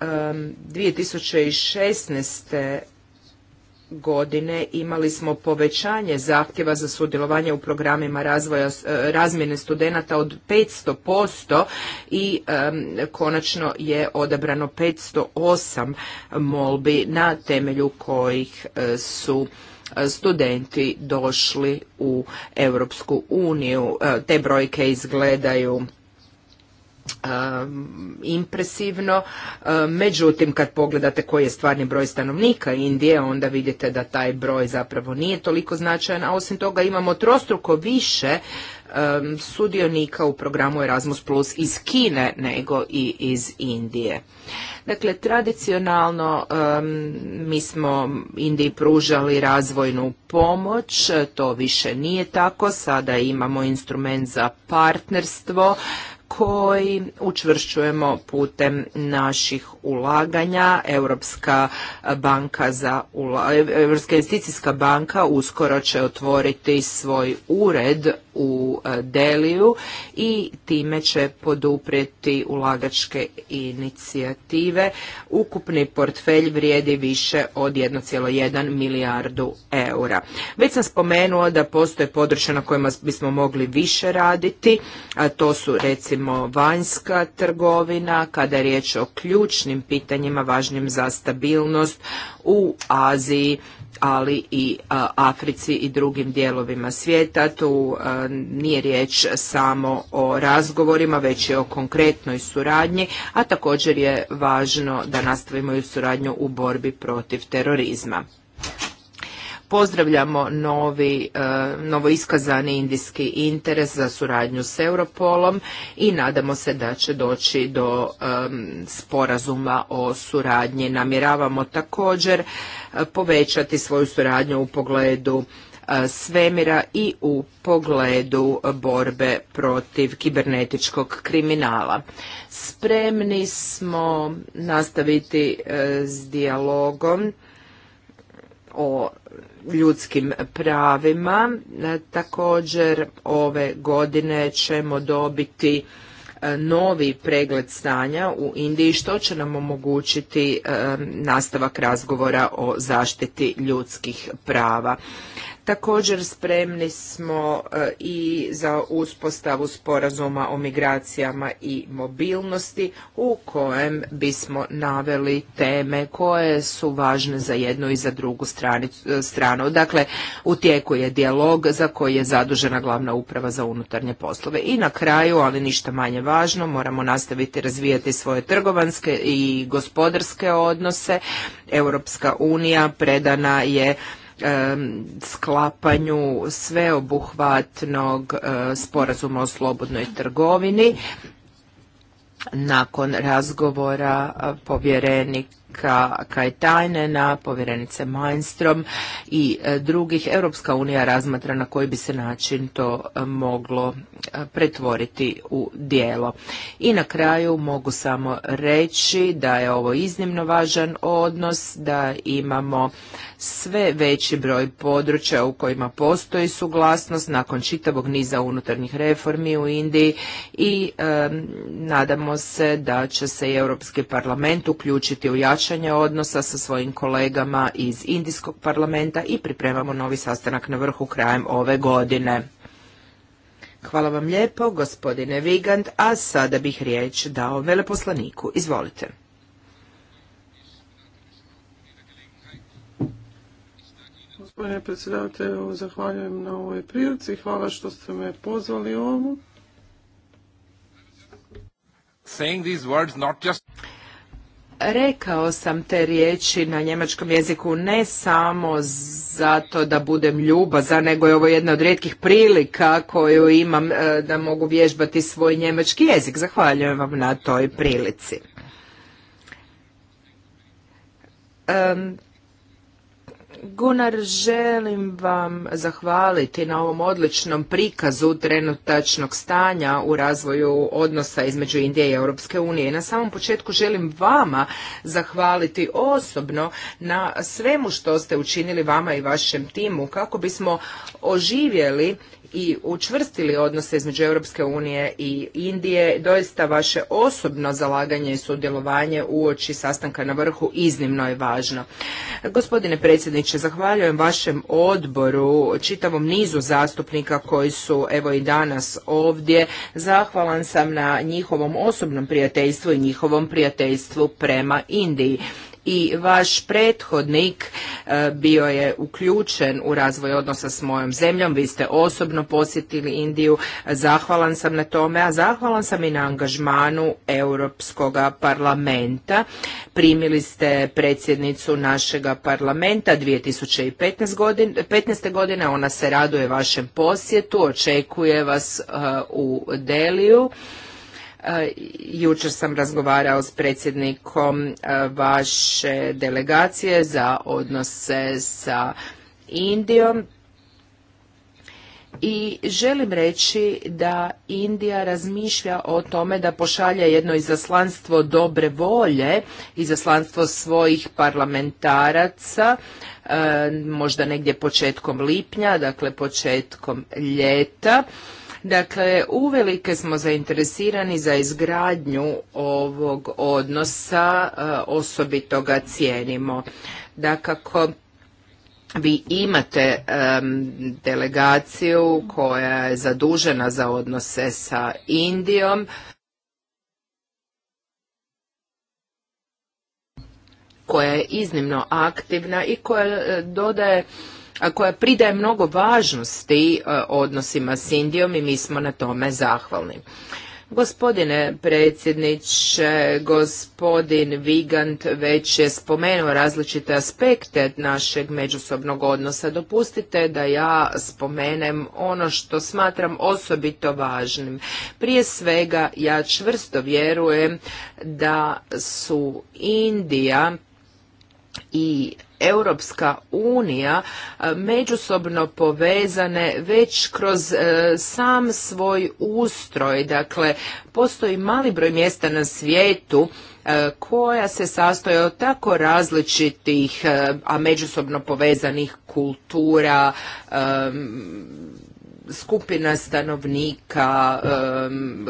2016 godine imali smo povećanje zahtjeva za sudjelovanje u programima razvoja e, razmjene studenata od 500% i konačno je odabrano 508 molbi na temelju kojih e, su e, studenti došli u Europsku uniju. Te brojke izgledaju impresivno. Međutim, kad pogledate koji je stvarni broj stanovnika Indije, onda vidite da taj broj zapravo nije toliko značajan, a osim toga imamo trostruko više sudionika u programu Erasmus Plus iz Kine nego i iz Indije. Dakle, tradicionalno mi smo Indiji pružali razvojnu pomoć, to više nije tako, sada imamo instrument za partnerstvo koji učvršćujemo putem naših ulaganja. Europska banka za Europska investicijska banka uskoro će otvoriti svoj ured u e, Deliju i time će poduprijeti ulagačke inicijative. Ukupni portfelj vrijedi više od 1,1 milijardu eura. Već sam spomenuo da postoje područja na kojima bismo mogli više raditi, a to su recimo vanjska trgovina, kada je riječ o ključnim pitanjima važnim za stabilnost u Aziji ali i Africi i drugim dijelovima svijeta. Tu nije riječ samo o razgovorima, već i o konkretnoj suradnji, a također je važno da nastavimo i suradnju u borbi protiv terorizma. Pozdravljamo novi, e, novo iskazani indijski interes za suradnju s Europolom i nadamo se da će doći do e, sporazuma o suradnji. Namjeravamo također e, povećati svoju suradnju u pogledu svemira i u pogledu borbe protiv kibernetičkog kriminala. Spremni smo nastaviti s dijalogom o ljudskim pravima. E, također ove godine ćemo dobiti e, novi pregled stanja u Indiji što će nam omogućiti e, nastavak razgovora o zaštiti ljudskih prava. Također spremni smo e, i za uspostavu sporazuma o migracijama i mobilnosti u kojem bismo naveli teme koje su važne za jednu i za drugu e, stranu. Dakle, u tijeku je dijalog za koji je zadužena glavna uprava za unutarnje poslove. I na kraju, ali ništa manje važno, moramo nastaviti razvijati svoje trgovanske i gospodarske odnose. Europska unija predana je sklapanju sveobuhvatnog eh, sporazuma o slobodnoj trgovini nakon razgovora eh, povjerenik povjerenika Kajtajnena, povjerenice Mainstrom i e, drugih Europska unija razmatra na koji bi se način to e, moglo e, pretvoriti u dijelo. I na kraju mogu samo reći da je ovo iznimno važan odnos, da imamo sve veći broj područja u kojima postoji suglasnost nakon čitavog niza unutarnjih reformi u Indiji i nadamo se da će se i Europski parlament uključiti u jačanje jačanje odnosa sa svojim kolegama iz Indijskog parlamenta i pripremamo novi sastanak na vrhu krajem ove godine. Hvala vam lijepo, gospodine Vigand, a sada bih riječ dao veleposlaniku. Izvolite. Gospodine predsjedavate, zahvaljujem na ovoj prilici. Hvala što ste me pozvali ovom. Saying Rekao sam te riječi na njemačkom jeziku ne samo zato da budem ljubaza, nego je ovo jedna od rijetkih prilika koju imam e, da mogu vježbati svoj njemački jezik. Zahvaljujem vam na toj prilici. Gunar, želim vam zahvaliti na ovom odličnom prikazu trenutačnog stanja u razvoju odnosa između Indije i Europske unije. Na samom početku želim vama zahvaliti osobno na svemu što ste učinili vama i vašem timu kako bismo oživjeli i učvrstili odnose između Europske unije i Indije, doista vaše osobno zalaganje i sudjelovanje uoči sastanka na vrhu iznimno je važno. Gospodine predsjedniče, zahvaljujem vašem odboru, čitavom nizu zastupnika koji su evo i danas ovdje. Zahvalan sam na njihovom osobnom prijateljstvu i njihovom prijateljstvu prema Indiji i vaš prethodnik e, bio je uključen u razvoj odnosa s mojom zemljom. Vi ste osobno posjetili Indiju. Zahvalan sam na tome, a zahvalan sam i na angažmanu Europskog parlamenta. Primili ste predsjednicu našega parlamenta 2015. godine. 15. godine ona se raduje vašem posjetu, očekuje vas e, u Deliju. E, jučer sam razgovarao s predsjednikom e, vaše delegacije za odnose sa Indijom i želim reći da Indija razmišlja o tome da pošalje jedno izaslanstvo dobre volje, izaslanstvo svojih parlamentaraca, e, možda negdje početkom lipnja, dakle početkom ljeta. Dakle, uvelike smo zainteresirani za izgradnju ovog odnosa, e, osobito ga cijenimo. Dakako, vi imate delegaciju koja je zadužena za odnose sa Indijom. koja je iznimno aktivna i koja e, dodaje koja pridaje mnogo važnosti e, odnosima s Indijom i mi smo na tome zahvalni. Gospodine predsjedniče, gospodin Vigant već je spomenuo različite aspekte našeg međusobnog odnosa. Dopustite da ja spomenem ono što smatram osobito važnim. Prije svega ja čvrsto vjerujem da su Indija i Europska unija e, međusobno povezane već kroz e, sam svoj ustroj. Dakle, postoji mali broj mjesta na svijetu e, koja se sastoje od tako različitih, a međusobno povezanih kultura, skupina stanovnika,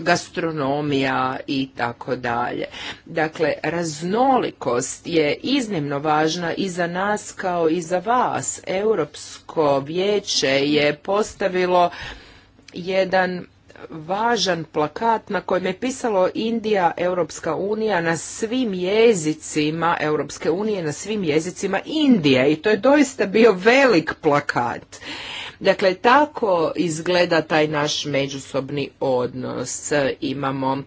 gastronomija i tako dalje. Dakle, raznolikost je iznimno važna i za nas kao i za vas. Europsko vijeće je postavilo jedan važan plakat na kojem je pisalo Indija, Europska unija na svim jezicima Europske unije, na svim jezicima Indije i to je doista bio velik plakat. Dakle, tako izgleda taj naš međusobni odnos. Imamo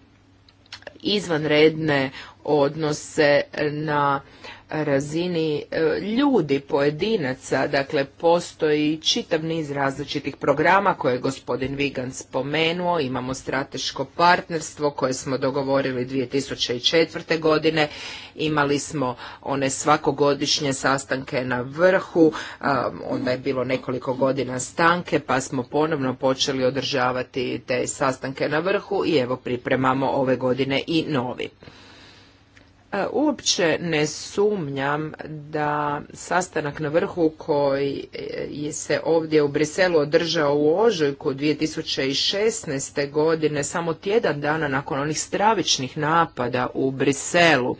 izvanredne odnose na razini e, ljudi, pojedinaca, dakle postoji čitav niz različitih programa koje je gospodin Vigan spomenuo, imamo strateško partnerstvo koje smo dogovorili 2004. godine, imali smo one svakogodišnje sastanke na vrhu, onda je bilo nekoliko godina stanke pa smo ponovno počeli održavati te sastanke na vrhu i evo pripremamo ove godine i novi. E, uopće ne sumnjam da sastanak na vrhu koji je se ovdje u Briselu održao u ožujku 2016. godine, samo tjedan dana nakon onih stravičnih napada u Briselu,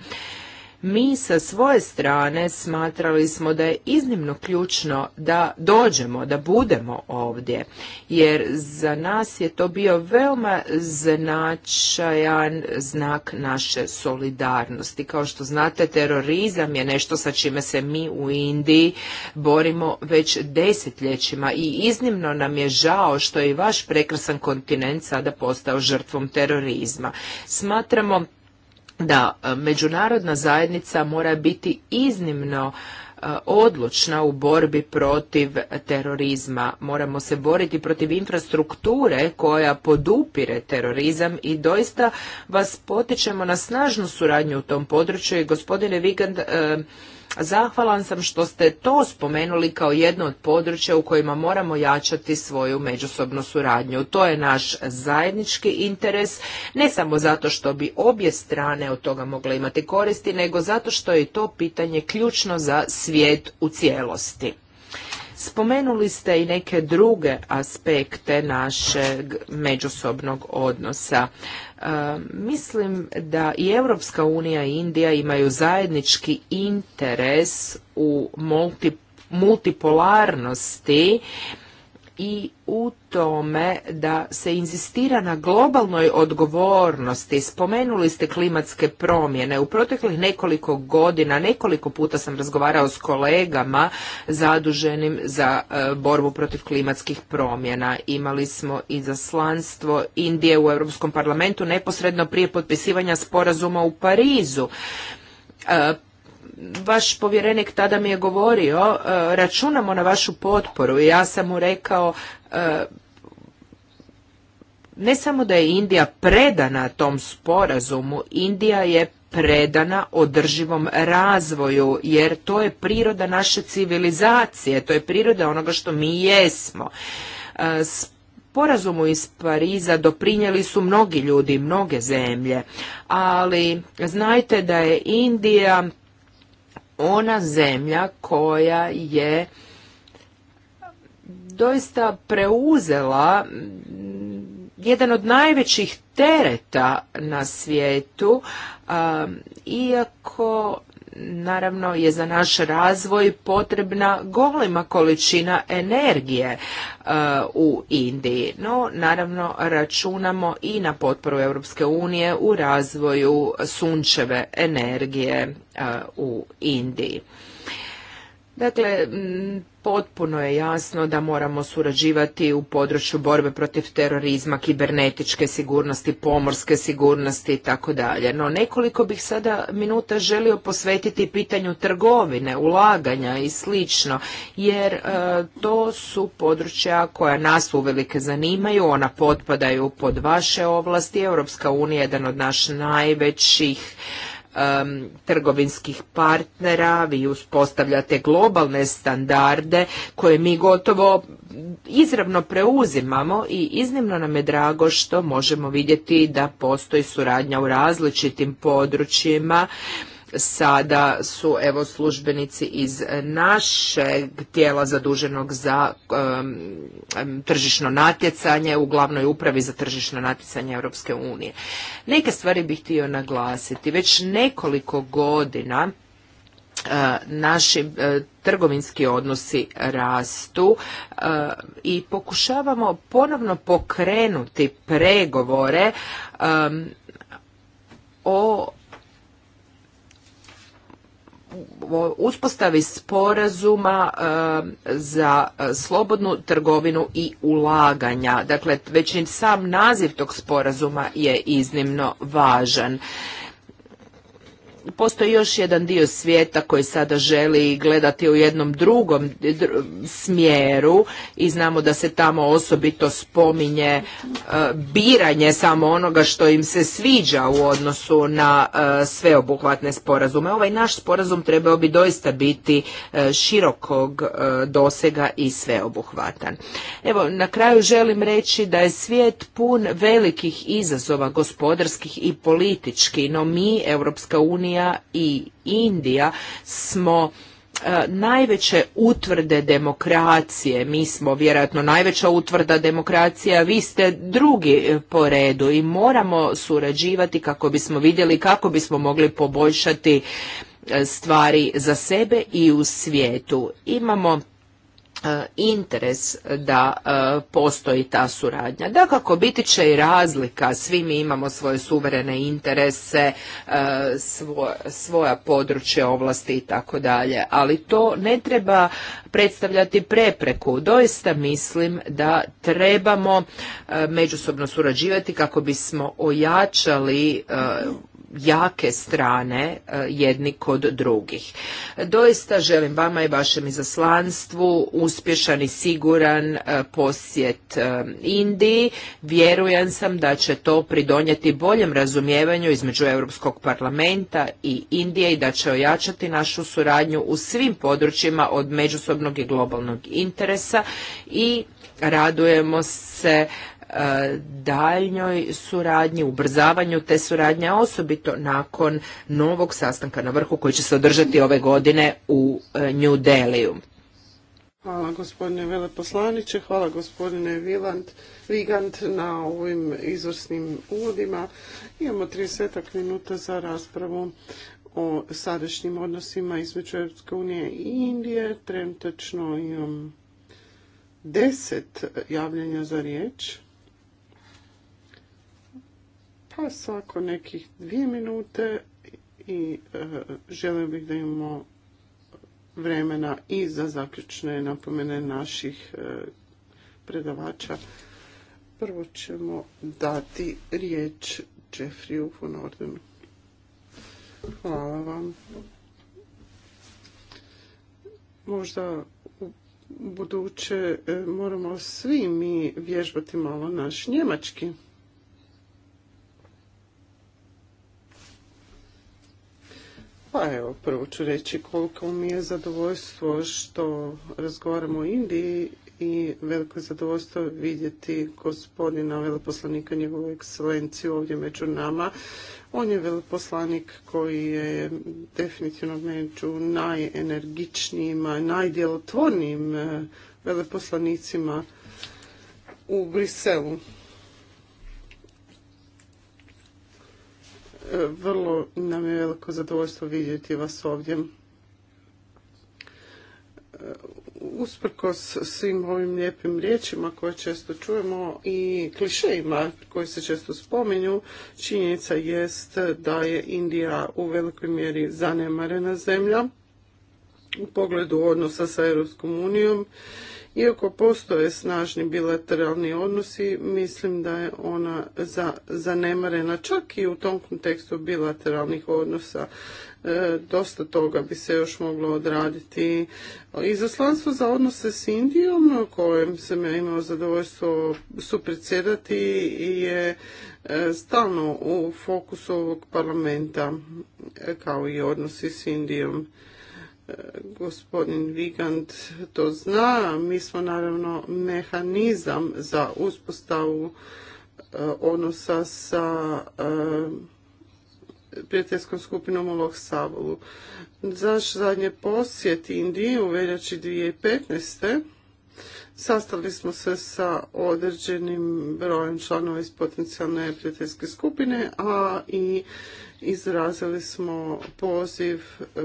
mi sa svoje strane smatrali smo da je iznimno ključno da dođemo, da budemo ovdje, jer za nas je to bio veoma značajan znak naše solidarnosti. Kao što znate, terorizam je nešto sa čime se mi u Indiji borimo već desetljećima i iznimno nam je žao što je i vaš prekrasan kontinent sada postao žrtvom terorizma. Smatramo da e, međunarodna zajednica mora biti iznimno e, odlučna u borbi protiv terorizma. Moramo se boriti protiv infrastrukture koja podupire terorizam i doista vas potičemo na snažnu suradnju u tom području i gospodine Vigand e, Zahvalan sam što ste to spomenuli kao jedno od područja u kojima moramo jačati svoju međusobnu suradnju. To je naš zajednički interes, ne samo zato što bi obje strane od toga mogle imati koristi, nego zato što je to pitanje ključno za svijet u cijelosti. Spomenuli ste i neke druge aspekte našeg međusobnog odnosa. Mislim da i Europska unija i Indija imaju zajednički interes u multipolarnosti i u tome da se inzistira na globalnoj odgovornosti. Spomenuli ste klimatske promjene. U proteklih nekoliko godina, nekoliko puta sam razgovarao s kolegama zaduženim za e, borbu protiv klimatskih promjena. Imali smo i zaslanstvo Indije u Europskom parlamentu neposredno prije potpisivanja sporazuma u Parizu e, vaš povjerenik tada mi je govorio, e, računamo na vašu potporu i ja sam mu rekao, e, ne samo da je Indija predana tom sporazumu, Indija je predana održivom razvoju, jer to je priroda naše civilizacije, to je priroda onoga što mi jesmo. E, sporazumu iz Pariza doprinijeli su mnogi ljudi, mnoge zemlje, ali znajte da je Indija ona zemlja koja je doista preuzela jedan od najvećih tereta na svijetu, iako naravno je za naš razvoj potrebna golema količina energije e, u Indiji. No, naravno računamo i na potporu Europske unije u razvoju sunčeve energije e, u Indiji. Dakle, potpuno je jasno da moramo surađivati u području borbe protiv terorizma, kibernetičke sigurnosti, pomorske sigurnosti i tako dalje. No nekoliko bih sada minuta želio posvetiti pitanju trgovine, ulaganja i slično, jer e, to su područja koja nas uvelike zanimaju, ona potpadaju pod vaše ovlasti. Europska unija je jedan od naših najvećih um, trgovinskih partnera, vi uspostavljate globalne standarde koje mi gotovo izravno preuzimamo i iznimno nam je drago što možemo vidjeti da postoji suradnja u različitim područjima sada su evo službenici iz našeg tijela zaduženog za tržišno natjecanje u glavnoj upravi za tržišno natjecanje Europske unije. Neke stvari bih htio naglasiti. Već nekoliko godina e, naši e, trgovinski odnosi rastu e, i pokušavamo ponovno pokrenuti pregovore o uspostavi sporazuma za eh, slobodnu trgovinu i ulaganja. Dakle, već sam naziv tog sporazuma je iznimno važan postoji još jedan dio svijeta koji sada želi gledati u jednom drugom smjeru i znamo da se tamo osobito spominje e, biranje samo onoga što im se sviđa u odnosu na e, sveobuhvatne sporazume. Ovaj naš sporazum trebao bi doista biti e, širokog dosega i sveobuhvatan. Evo, na kraju želim reći da je svijet pun velikih izazova gospodarskih i političkih, no mi, Europska unija, i Indija smo e, najveće utvrde demokracije. Mi smo vjerojatno najveća utvrda demokracija, vi ste drugi e, po redu i moramo surađivati kako bismo vidjeli kako bismo mogli poboljšati e, stvari za sebe i u svijetu. Imamo E, interes da e, postoji ta suradnja. Da kako biti će i razlika, svi mi imamo svoje suverene interese, e, svoja područja ovlasti i tako dalje, ali to ne treba predstavljati prepreku. Doista mislim da trebamo međusobno surađivati kako bismo ojačali jake strane e, jedni kod drugih. Doista želim vama i vašem izaslanstvu uspješan i siguran e, posjet e, Indiji. Vjerujem sam da će to pridonijeti boljem razumijevanju između Europskog parlamenta i Indije i da će ojačati našu suradnju u svim područjima od međusobnog i globalnog interesa i radujemo se E, daljnjoj suradnji, ubrzavanju te suradnje, osobito nakon novog sastanka na vrhu koji će se održati ove godine u e, New Deliju. Hvala gospodine veleposlaniče, hvala gospodine Viland, Vigant na ovim izvrsnim uvodima. Imamo 30 minuta za raspravu o sadašnjim odnosima između Europske unije i Indije. Trenutačno imam 10 javljanja za riječ pa svako nekih dvije minute i e, želim bih da imamo vremena i za zaključne napomene naših e, predavača. Prvo ćemo dati riječ Jeffreyu von Ordenu. Hvala vam. Možda u buduće e, moramo svi mi vježbati malo naš njemački. Pa evo, prvo ću reći koliko mi je zadovoljstvo što razgovaramo o Indiji i veliko je zadovoljstvo vidjeti gospodina veleposlanika, njegovu ekscelenciju ovdje među nama. On je veleposlanik koji je definitivno među najenergičnijima, najdjelotvornijim eh, veleposlanicima u Briselu. E, vrlo nam je veliko zadovoljstvo vidjeti vas ovdje. E, usprkos svim ovim lijepim riječima koje često čujemo i klišejima koji se često spominju, činjenica jest da je Indija u velikoj mjeri zanemarena zemlja u pogledu odnosa sa Europskom unijom iako postoje snažni bilateralni odnosi, mislim da je ona zanemarena čak i u tom kontekstu bilateralnih odnosa. E, dosta toga bi se još moglo odraditi. Izaslanstvo za odnose s Indijom, kojem sam ja imao zadovoljstvo supredsjedati, je e, stalno u fokusu ovog parlamenta, e, kao i odnosi s Indijom gospodin Vigand to zna. Mi smo naravno mehanizam za uspostavu e, odnosa sa e, prijateljskom skupinom u Savolu. Zaš zadnje posjet Indiji u veljači 2015. Sastali smo se sa određenim brojem članova iz potencijalne prijateljske skupine, a i izrazili smo poziv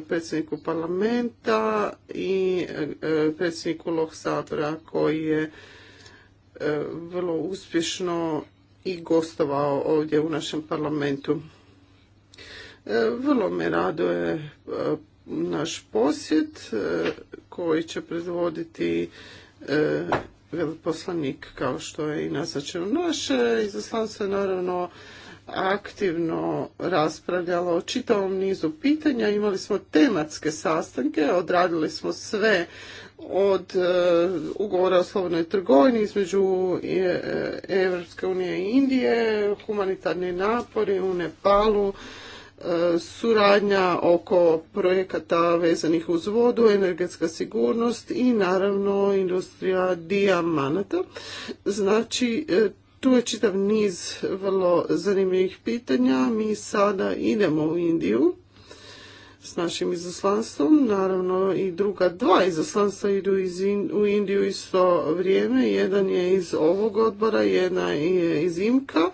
predsjedniku parlamenta i e, predsjedniku Loh koji je e, vrlo uspješno i gostovao ovdje u našem parlamentu. E, vrlo me raduje naš posjet koji će predvoditi E, veleposlanik kao što je i u Naše izaslanstvo se naravno aktivno raspravljalo o čitavom nizu pitanja. Imali smo tematske sastanke, odradili smo sve od e, ugovora o slobodnoj trgovini između e, Evropske unije i Indije, humanitarni napori u Nepalu, suradnja oko projekata vezanih uz vodu, energetska sigurnost i naravno industrija dijamanata. Znači, e, tu je čitav niz vrlo zanimljivih pitanja. Mi sada idemo u Indiju s našim izaslanstvom. Naravno i druga dva izaslanstva idu iz u Indiju isto vrijeme. Jedan je iz ovog odbora, jedna je iz IMKA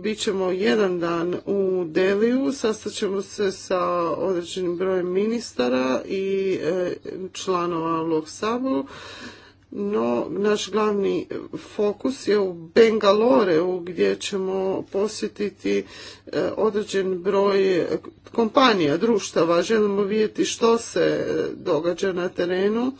bit ćemo jedan dan u Deliju, ćemo se sa određenim brojem ministara i e, članova Lok sabu no naš glavni fokus je u Bengaloreu gdje ćemo posjetiti e, određen broj kompanija, društava. Želimo vidjeti što se e, događa na terenu.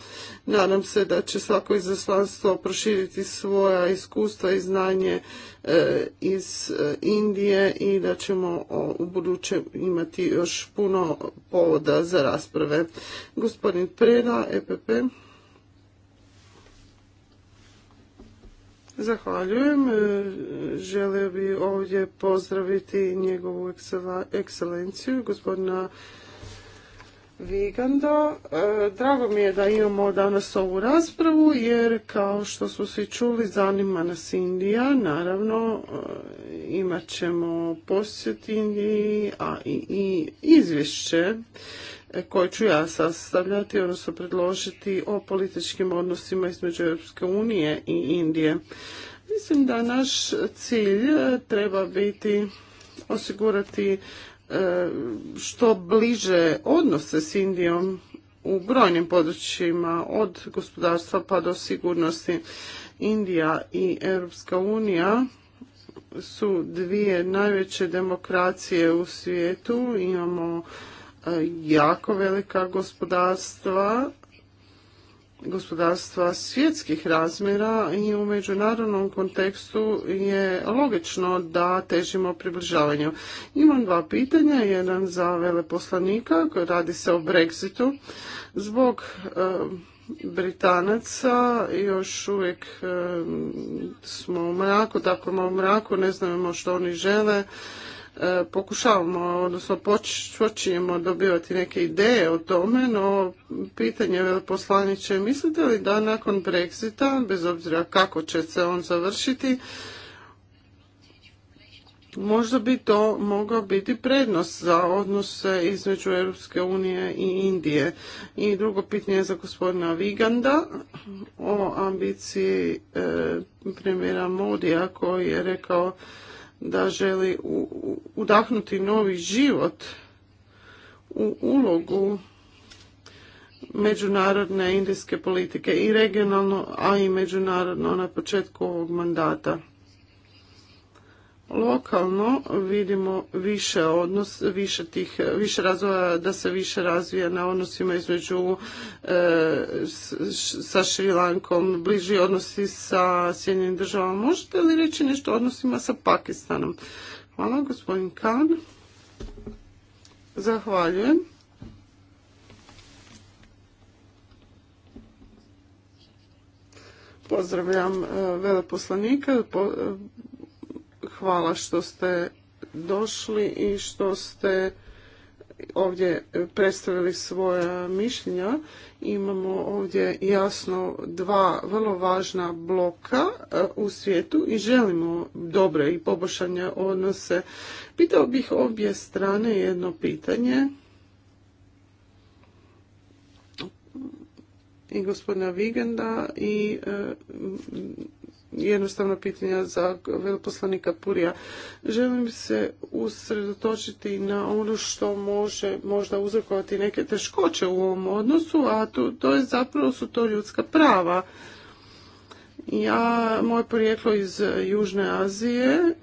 Nadam se da će svako izaslanstvo proširiti svoja iskustva i znanje e, iz Indije i da ćemo u buduće imati još puno povoda za rasprave. Gospodin Preda, EPP. Zahvaljujem. E, želio bi ovdje pozdraviti njegovu ekscelenciju, gospodina Vigando. E, drago mi je da imamo danas ovu raspravu jer kao što smo svi čuli zanima nas Indija. Naravno e, imat ćemo posjet Indiji a i, i izvješće koje ću ja sastavljati, odnosno predložiti o političkim odnosima između Europske unije i Indije. Mislim da naš cilj treba biti osigurati e, što bliže odnose s Indijom u brojnim područjima od gospodarstva pa do sigurnosti. Indija i Europska unija su dvije najveće demokracije u svijetu. Imamo jako velika gospodarstva, gospodarstva svjetskih razmjera i u međunarodnom kontekstu je logično da težimo približavanju. Imam dva pitanja, jedan za veleposlanika koji radi se o Brexitu. Zbog e, Britanaca još uvijek e, smo u mraku, dakle u mraku ne znamo što oni žele E, pokušavamo, odnosno počinjemo dobivati neke ideje o tome, no pitanje veleposlaniče, mislite li da nakon Brexita, bez obzira kako će se on završiti, možda bi to mogao biti prednost za odnose između Europske unije i Indije. I drugo pitanje je za gospodina Viganda o ambiciji e, premijera Modija koji je rekao da želi udahnuti novi život u ulogu međunarodne indijske politike i regionalno, a i međunarodno na početku ovog mandata. Lokalno vidimo više odnos, više tih, više razvoja, da se više razvija na odnosima između e, sa Šrilankom, bliži odnosi sa Sjedinim državama. Možete li reći nešto o odnosima sa Pakistanom? Hvala, gospodin Kan. Zahvaljujem. Pozdravljam e, veleposlanika, hvala što ste došli i što ste ovdje predstavili svoja mišljenja. Imamo ovdje jasno dva vrlo važna bloka e, u svijetu i želimo dobre i poboljšanje odnose. Pitao bih obje strane jedno pitanje. I gospodina Vigenda i e, jednostavno pitanja za veloposlanika Purija. Želim se usredotočiti na ono što može možda uzrokovati neke teškoće u ovom odnosu, a to, to je zapravo su to ljudska prava. Ja, moje porijeklo iz Južne Azije,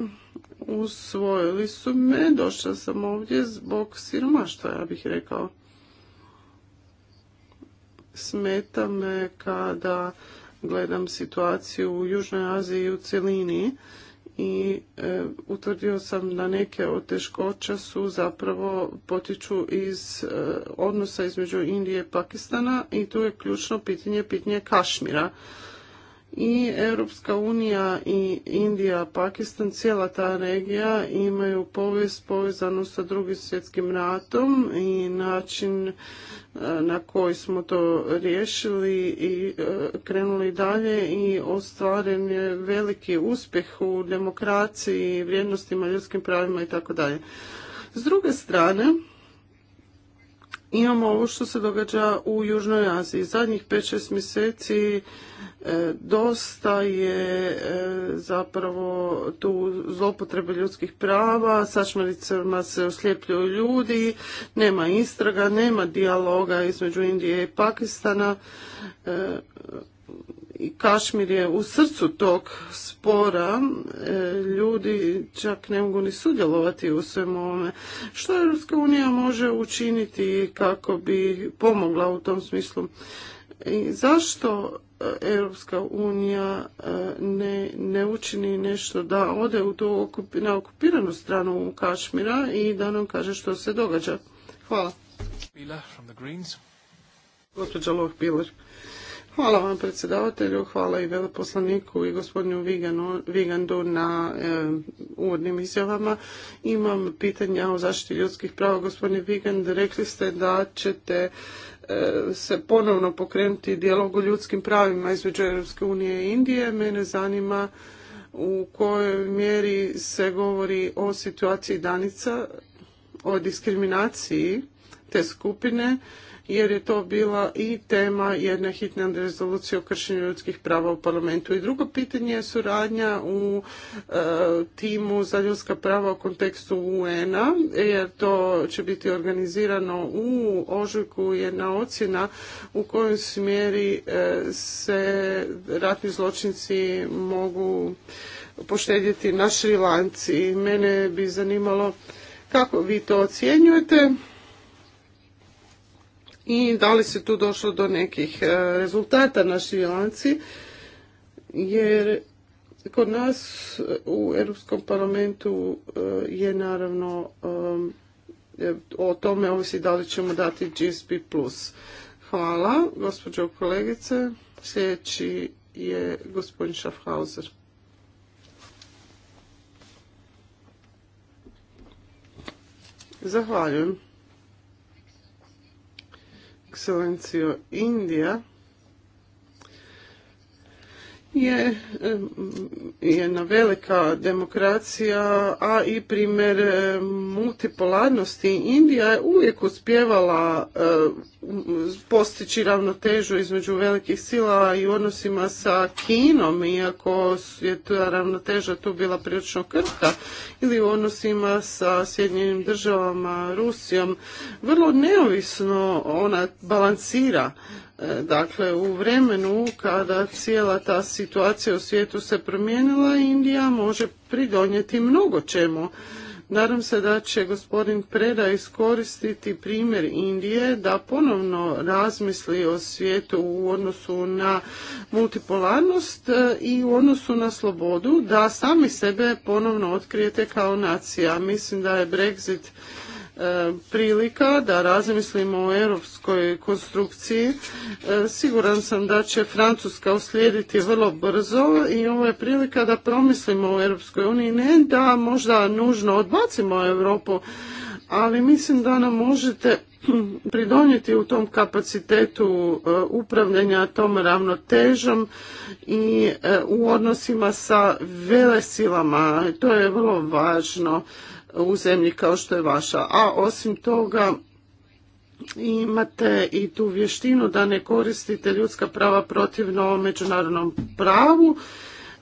usvojili su me, došla sam ovdje zbog siromaštva, ja bih rekao. Smeta me kada gledam situaciju u Južnoj Aziji i u cjelini i e, utvrdio sam da neke od teškoća su zapravo potiču iz e, odnosa između Indije i Pakistana i tu je ključno pitanje pitanje Kašmira i Europska unija i Indija, Pakistan, cijela ta regija imaju povijest povezanu sa drugim svjetskim ratom i način e, na koji smo to riješili i e, krenuli dalje i ostvaren je veliki uspjeh u demokraciji, vrijednostima, ljudskim pravima i tako dalje. S druge strane, imamo ovo što se događa u Južnoj Aziji. Zadnjih 5-6 mjeseci E, dosta je e, zapravo tu zlopotrebe ljudskih prava, sačmaricama se osljepljuju ljudi, nema istraga, nema dijaloga između Indije i Pakistana. E, I Kašmir je u srcu tog spora, ljudi čak ne mogu ni sudjelovati u svemu ovome. Što Europska unija može učiniti kako bi pomogla u tom smislu? zašto e, Europska unija e, ne, učini nešto da ode u tu na okupiranu stranu Kašmira i da nam kaže što se događa? Hvala. Hvala vam predsjedavatelju, hvala i veleposlaniku i gospodinu Vigandu na e, uvodnim izjavama. Imam pitanja o zaštiti ljudskih prava. Gospodine Vigand, rekli ste da ćete E, se ponovno pokrenuti dijalog o ljudskim pravima između Europske unije i Indije. Mene zanima u kojoj mjeri se govori o situaciji danica, o diskriminaciji te skupine jer je to bila i tema jedne hitne rezolucije o kršenju ljudskih prava u parlamentu. I drugo pitanje je suradnja u e, timu za ljudska prava u kontekstu UN-a, jer to će biti organizirano u ožujku jedna ocjena u kojoj smjeri e, se ratni zločinci mogu poštedjeti na Šrilanci. Mene bi zanimalo kako vi to ocjenjujete i da li se tu došlo do nekih e, rezultata naši Šrilanci, jer kod nas u Europskom parlamentu e, je naravno e, o tome ovisi da li ćemo dati GSP+. Hvala, gospođo kolegice. Sljedeći je gospodin Šafhauser. Zahvaljujem ekscelencijo Indija je jedna velika demokracija, a i primjer multipolarnosti. Indija je uvijek uspjevala postići ravnotežu između velikih sila i u odnosima sa Kinom, iako je ta ravnoteža tu bila prilično krhka, ili u odnosima sa Sjedinjenim državama, Rusijom, vrlo neovisno ona balansira. E, dakle, u vremenu kada cijela ta situacija u svijetu se promijenila, Indija može pridonijeti mnogo čemu Nadam se da će gospodin Preda iskoristiti primjer Indije da ponovno razmisli o svijetu u odnosu na multipolarnost e, i u odnosu na slobodu, da sami sebe ponovno otkrijete kao nacija. Mislim da je Brexit E, prilika da razmislimo o europskoj konstrukciji. E, siguran sam da će Francuska uslijediti vrlo brzo i ovo je prilika da promislimo o Europskoj uniji, ne da možda nužno odbacimo Europu, ali mislim da nam možete [CLEARS THROAT] pridonijeti u tom kapacitetu e, upravljanja tom ravnotežom i u odnosima sa velesilama. To je vrlo važno u zemlji kao što je vaša. A osim toga imate i tu vještinu da ne koristite ljudska prava protivno međunarodnom pravu.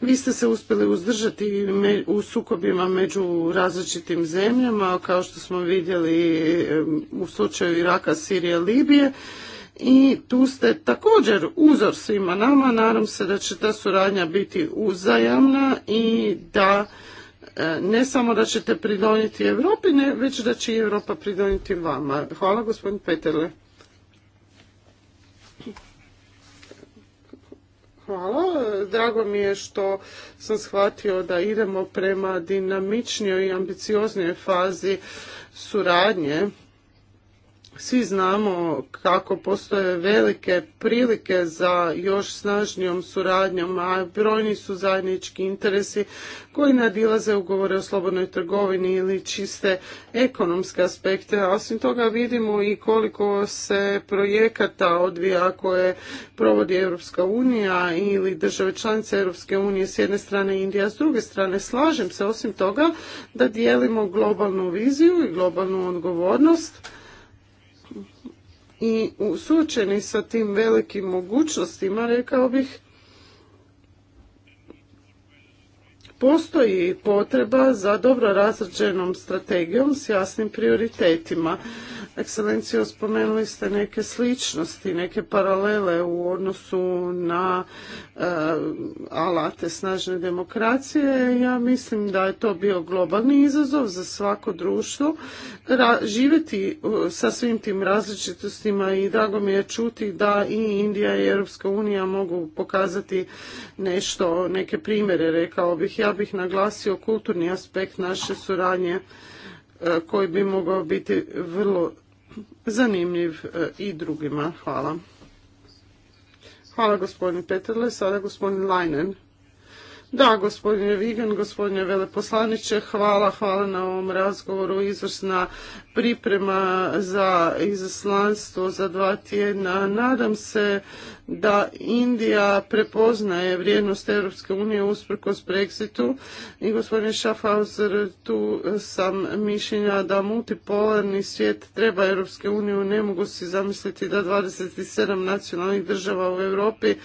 Vi ste se uspjeli uzdržati u sukobima među različitim zemljama, kao što smo vidjeli u slučaju Iraka, Sirije, Libije. I tu ste također uzor svima nama. Nadam se da će ta suradnja biti uzajamna i da E, ne samo da ćete pridonijeti Europi, ne, već da će i Europa pridonijeti vama. Hvala gospodin Peterle. Hvala. Drago mi je što sam shvatio da idemo prema dinamičnijoj i ambicioznijoj fazi suradnje svi znamo kako postoje velike prilike za još snažnijom suradnjom, a brojni su zajednički interesi koji nadilaze ugovore o slobodnoj trgovini ili čiste ekonomske aspekte. A osim toga vidimo i koliko se projekata odvija koje provodi Europska unija ili države članice Europske unije s jedne strane Indija, s druge strane slažem se osim toga da dijelimo globalnu viziju i globalnu odgovornost i suočeni sa tim velikim mogućnostima, rekao bih, postoji potreba za dobro razrađenom strategijom s jasnim prioritetima. Ekscelencijo, spomenuli ste neke sličnosti, neke paralele u odnosu na e, alate snažne demokracije. Ja mislim da je to bio globalni izazov za svako društvo živjeti e, sa svim tim različitostima i drago mi je čuti da i Indija i Europska unija mogu pokazati nešto, neke primjere rekao bih. Ja bih naglasio kulturni aspekt naše suradnje e, koji bi mogao biti vrlo zanimljiv e, i drugima. Hvala. Hvala gospodin Peterle. Sada gospodin Lajnen. Da, gospodine Vigan, gospodine veleposlaniče, hvala, hvala na ovom razgovoru. Izvrsna priprema za izaslanstvo za dva tjedna. Nadam se da Indija prepoznaje vrijednost Europske unije usprkos Brexitu i gospodine Schaffhauser, tu sam mišljenja da multipolarni svijet treba Europske uniju. Ne mogu si zamisliti da 27 nacionalnih država u Europi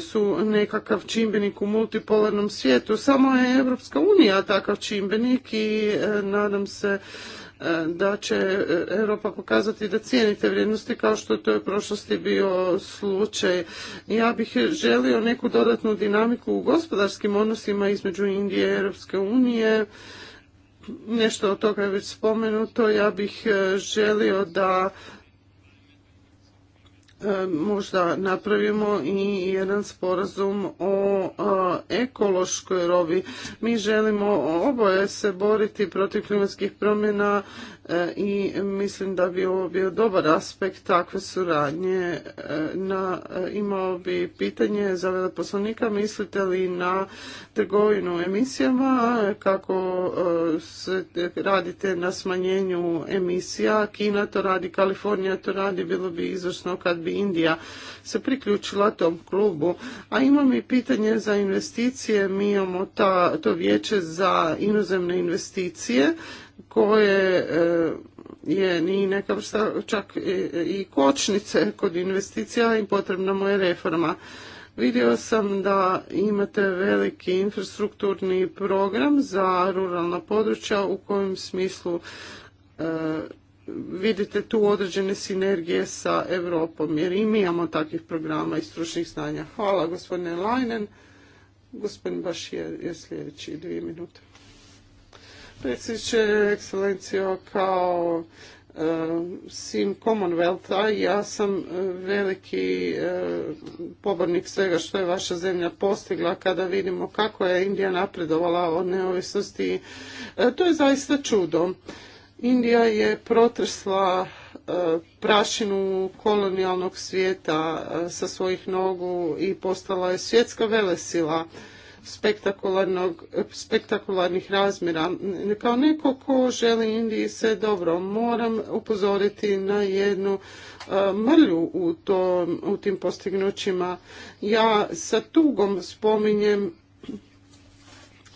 su nekakav čimbenik u multipolarnom svijetu. Samo je Europska unija takav čimbenik i e, nadam se e, da će e, Europa pokazati da cijeni te vrijednosti kao što to je u prošlosti bio slučaj. Ja bih želio neku dodatnu dinamiku u gospodarskim odnosima između Indije i Europske unije. Nešto od toga je već spomenuto. Ja bih želio da E, možda napravimo i jedan sporazum o e, ekološkoj robi. Mi želimo oboje se boriti protiv klimatskih promjena e, i mislim da bi ovo bio dobar aspekt takve suradnje. Na, imao bi pitanje za veleposlanika, mislite li na trgovinu emisijama, kako se radite na smanjenju emisija, Kina to radi, Kalifornija to radi, bilo bi izvršno kad bi Indija se priključila tom klubu. A imam i pitanje za investicije. Mi imamo ta, to vijeće za inozemne investicije koje e, je ni neka vrsta čak i kočnice kod investicija i potrebna mu je reforma. Vidio sam da imate veliki infrastrukturni program za ruralna područja u kojem smislu e, vidite tu određene sinergije sa Europom jer i mi imamo takvih programa i stručnih znanja. Hvala gospodine Lajnen. Gospodin baš je sljedeći dvije minute. Predsjedniče, ekscelencijo, kao e, sim Commonwealtha. Ja sam e, veliki e, pobornik svega što je vaša zemlja postigla kada vidimo kako je Indija napredovala od neovisnosti. To je zaista čudo. Indija je protrsla e, prašinu kolonijalnog svijeta e, sa svojih nogu i postala je svjetska velesila spektakularnih razmjera. Kao neko ko želi Indiji sve dobro, moram upozoriti na jednu e, mrlju u, u tim postignućima. Ja sa tugom spominjem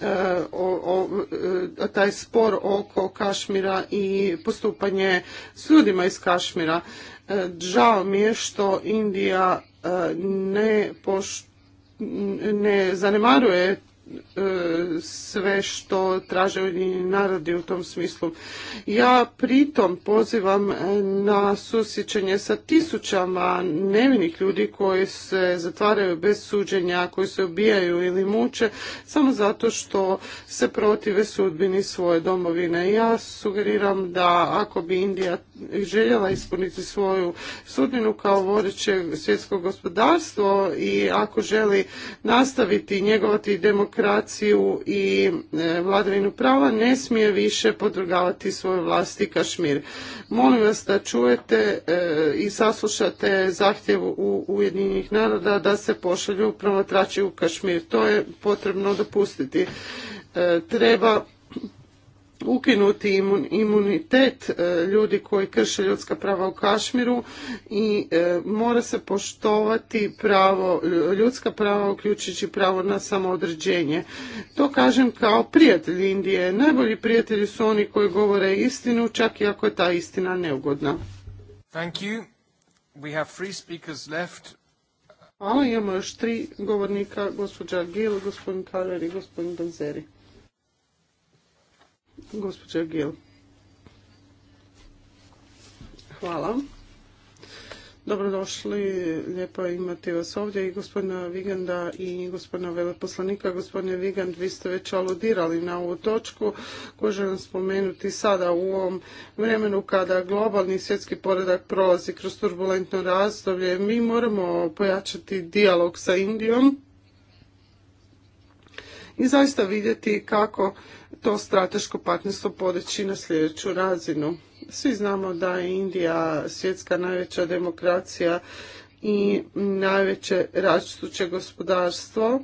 E, e, taj spor oko Kašmira i postupanje s ljudima iz Kašmira. E, žao mi je što Indija ne, ne zanemaruje sve što traže Ujedinjeni narodi u tom smislu. Ja pritom pozivam na susjećanje sa tisućama nevinih ljudi koji se zatvaraju bez suđenja, koji se ubijaju ili muče samo zato što se protive sudbini svoje domovine. Ja sugeriram da ako bi Indija željela ispuniti svoju sudbinu kao vodeće svjetsko gospodarstvo i ako želi nastaviti njegovati demokraciju i e, vladavinu prava, ne smije više podrugavati svoje vlasti Kašmir. Molim vas da čujete e, i saslušate zahtjev u Ujedinjenih naroda da se pošalju promatrači u Kašmir. To je potrebno dopustiti. E, treba ukinuti imunitet e, ljudi koji krše ljudska prava u Kašmiru i e, mora se poštovati pravo, ljudska prava uključujući pravo na samoodređenje. To kažem kao prijatelj Indije. Najbolji prijatelji su oni koji govore istinu, čak i ako je ta istina neugodna. Thank you. We have speakers left. imamo još tri govornika, gospođa Gil, gospodin Kaler i gospodin Benzeri gospođa Gil. Hvala. Dobrodošli, lijepo imati vas ovdje i gospodina Viganda i gospodina veleposlanika. Gospodine Vigand, vi ste već aludirali na ovu točku koju želim spomenuti sada u ovom vremenu kada globalni svjetski poredak prolazi kroz turbulentno razdoblje. Mi moramo pojačati dijalog sa Indijom i zaista vidjeti kako to strateško partnerstvo podići na sljedeću razinu. Svi znamo da je Indija svjetska najveća demokracija i najveće različituće gospodarstvo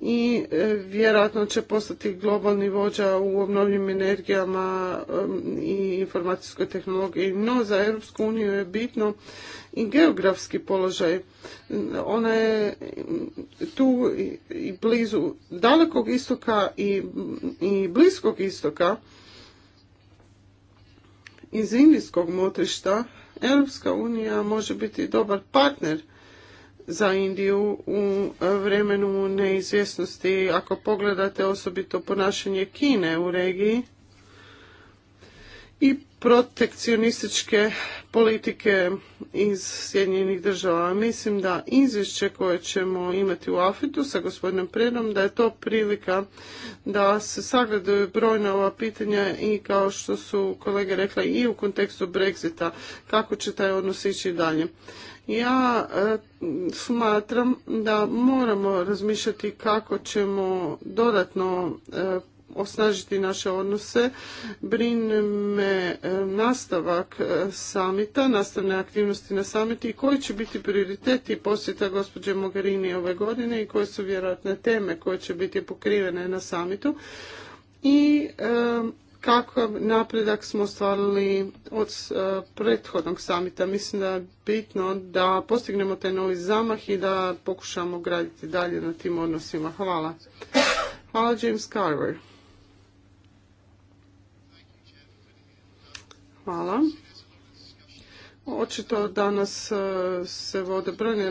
i e, vjerojatno će postati globalni vođa u obnovljivim energijama e, i informacijskoj tehnologiji. No, za Europsku uniju je bitno i geografski položaj. Ona je tu i blizu dalekog istoka i, i bliskog istoka iz indijskog motrišta Europska unija može biti dobar partner za Indiju u vremenu neizvjesnosti. Ako pogledate osobito ponašanje Kine u regiji i protekcionističke politike iz Sjedinjenih država. Mislim da izvješće koje ćemo imati u Afitu sa gospodinom Predom, da je to prilika da se sagledaju brojna ova pitanja i kao što su kolege rekla i u kontekstu Brexita, kako će taj odnos ići dalje. Ja e, smatram da moramo razmišljati kako ćemo dodatno e, osnažiti naše odnose. Brine me e, nastavak e, samita, nastavne aktivnosti na samiti i koji će biti prioriteti posjeta gospođe Mogherini ove godine i koje su vjerojatne teme koje će biti pokrivene na samitu. I e, kakav napredak smo ostvarili od prethodnog samita. Mislim da je bitno da postignemo taj novi zamah i da pokušamo graditi dalje na tim odnosima. Hvala. Hvala James Carver. Hvala. Očito danas e, se vode brojne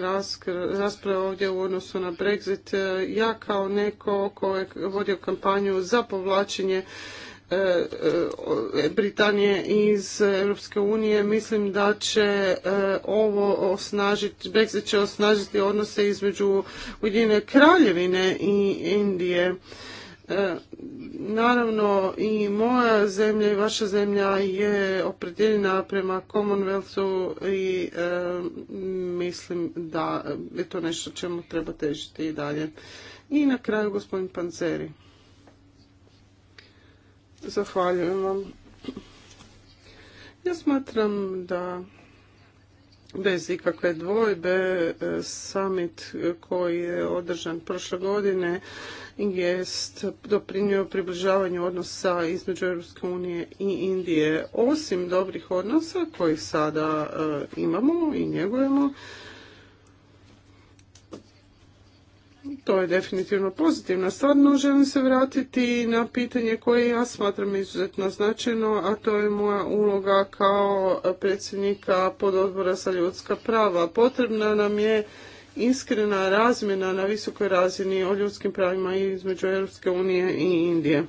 rasprave ovdje u odnosu na Brexit. E, ja kao neko ko je vodio kampanju za povlačenje e, Britanije iz Europske unije mislim da će ovo osnažiti, Brexit će osnažiti odnose između Ujedinjene kraljevine i Indije E, naravno i moja zemlja i vaša zemlja je opredjeljena prema Commonwealthu i e, mislim da je to nešto čemu treba težiti i dalje. I na kraju gospodin Panceri. Zahvaljujem vam. Ja smatram da bez ikakve dvojbe e, summit koji je održan prošle godine jest doprinio približavanju odnosa između Europske unije i Indije. Osim dobrih odnosa koji sada e, imamo i njegujemo, to je definitivno pozitivna stvar, no želim se vratiti na pitanje koje ja smatram izuzetno značajno, a to je moja uloga kao predsjednika pododbora za ljudska prava. Potrebna nam je iskrena razmjena na visokoj razini o ljudskim pravima između Europske unije i Indije.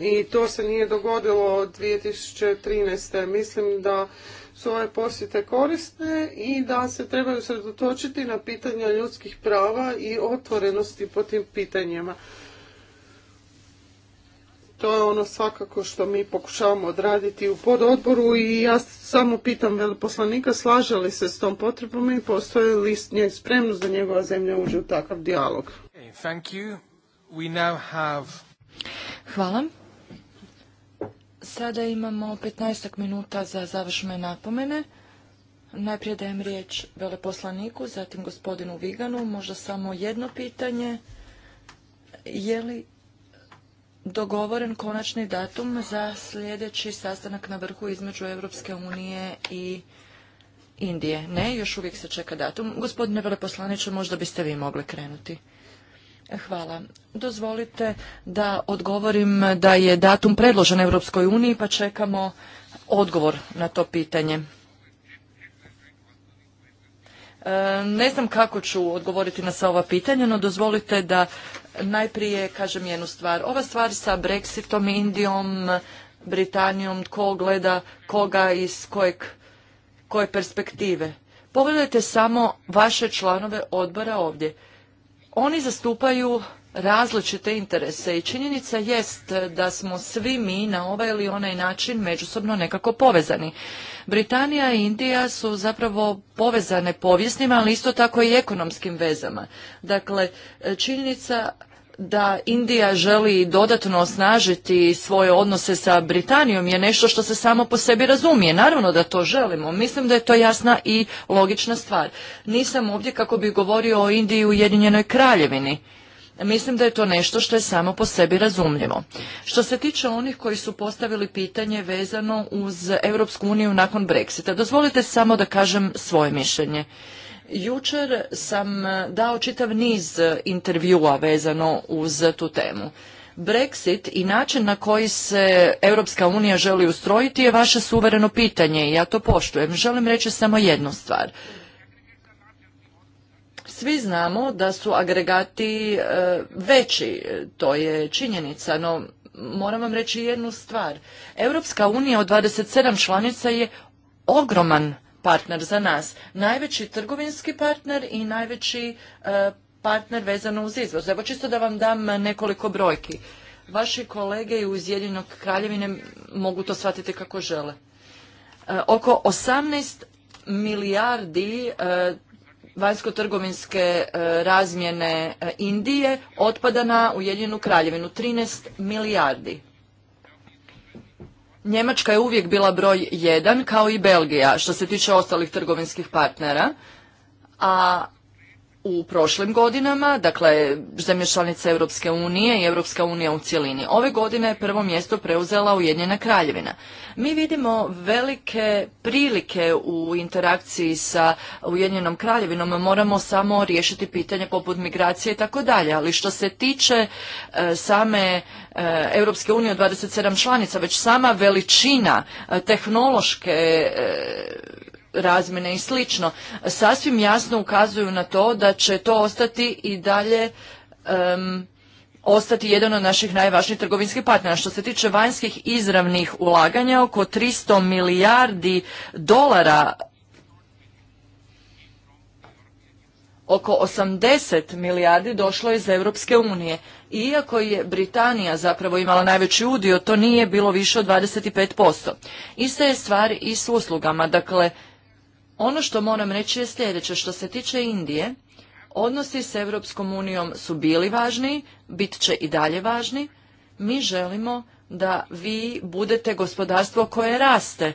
I to se nije dogodilo od 2013. Mislim da su ove posjete korisne i da se trebaju sredotočiti na pitanja ljudskih prava i otvorenosti po tim pitanjima. To je ono svakako što mi pokušavamo odraditi u pododboru i ja samo pitam veleposlanika slaže li se s tom potrebom i postoji li spremnost da njegova zemlja uđe u takav dijalog. Hvala. Sada imamo 15 minuta za završne napomene. Najprije dajem riječ veleposlaniku, zatim gospodinu Viganu. Možda samo jedno pitanje. Je li dogovoren konačni datum za sljedeći sastanak na vrhu između Europske unije i Indije. Ne, još uvijek se čeka datum. Gospodine veleposlaniče, možda biste vi mogli krenuti. Hvala. Dozvolite da odgovorim da je datum predložen Europskoj uniji, pa čekamo odgovor na to pitanje. E, ne znam kako ću odgovoriti na sva ova pitanja, no dozvolite da najprije kažem jednu stvar. Ova stvar sa Brexitom, Indijom, Britanijom, tko gleda koga iz koje perspektive. Pogledajte samo vaše članove odbora ovdje. Oni zastupaju različite interese i činjenica jest da smo svi mi na ovaj ili onaj način međusobno nekako povezani. Britanija i Indija su zapravo povezane povijesnim, ali isto tako i ekonomskim vezama. Dakle, činjenica da Indija želi dodatno osnažiti svoje odnose sa Britanijom je nešto što se samo po sebi razumije. Naravno da to želimo. Mislim da je to jasna i logična stvar. Nisam ovdje kako bi govorio o Indiji u Ujedinjenoj kraljevini. Mislim da je to nešto što je samo po sebi razumljivo. Što se tiče onih koji su postavili pitanje vezano uz Europsku uniju nakon Brexita, dozvolite samo da kažem svoje mišljenje. Jučer sam e, dao čitav niz e, intervjua vezano uz tu temu. Brexit i način na koji se Europska unija želi ustrojiti je vaše suvereno pitanje i ja to poštujem. Želim reći samo jednu stvar. Svi znamo da su agregati e, veći, e, to je činjenica, no moram vam reći jednu stvar. Europska unija od 27 članica je ogroman partner za nas. Najveći trgovinski partner i najveći e, partner vezano uz izvoz. Evo čisto da vam dam nekoliko brojki. Vaši kolege iz Ujedinjenog kraljevine mogu to shvatiti kako žele. oko 18 milijardi vanjsko-trgovinske e, razmjene e, Indije otpada na Ujedinjenu kraljevinu, 13 milijardi. Njemačka je uvijek bila broj jedan, kao i Belgija, što se tiče ostalih trgovinskih partnera, a u prošlim godinama, dakle zemlje članice Europske unije i Europska unija u cjelini. Ove godine je prvo mjesto preuzela Ujedinjena kraljevina. Mi vidimo velike prilike u interakciji sa Ujedinjenom kraljevinom, moramo samo riješiti pitanje poput migracije i tako dalje, ali što se tiče e, same e, Europske unije od 27 članica, već sama veličina e, tehnološke razmjene i slično, sasvim jasno ukazuju na to da će to ostati i dalje ostati jedan od naših najvažnijih trgovinskih partnera. Što se tiče vanjskih izravnih ulaganja, oko 300 milijardi dolara oko 80 milijardi došlo je iz Europske unije. Iako je Britanija zapravo imala najveći udio, to nije bilo više od 25%. Ista je stvar i s uslugama. Dakle, ono što moram reći je sljedeće, što se tiče Indije, odnosi s Europskom unijom su bili važni, bit će i dalje važni. Mi želimo da vi budete gospodarstvo koje raste,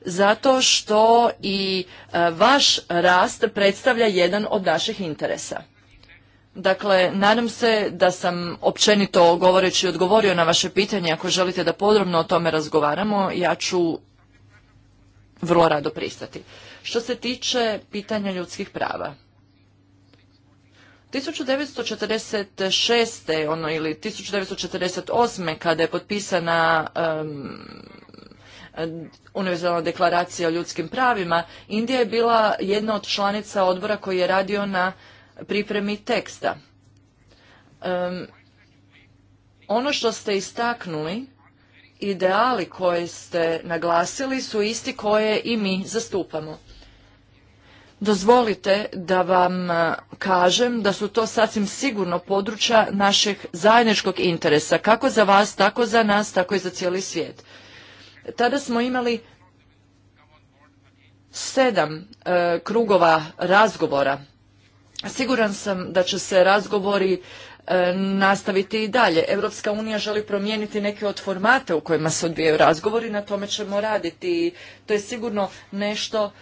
zato što i e, vaš rast predstavlja jedan od naših interesa. Dakle, nadam se da sam općenito govoreći odgovorio na vaše pitanje. Ako želite da podrobno o tome razgovaramo, ja ću vrlo rado pristati. Što se tiče pitanja ljudskih prava, 1946. ono ili 1948. kada je potpisana um, univerzalna deklaracija o ljudskim pravima, Indija je bila jedna od članica odbora koji je radio na pripremi teksta. ono što ste istaknuli ideali koje ste naglasili su isti koje i mi zastupamo. Dozvolite da vam e, kažem da su to sasvim sigurno područja našeg zajedničkog interesa, kako za vas, tako za nas, tako i za cijeli svijet. Tada smo imali sedam e, krugova razgovora. Siguran sam da će se razgovori E, nastaviti i dalje. Europska unija želi promijeniti neke od formata u kojima se odvijaju razgovori, na tome ćemo raditi i to je sigurno nešto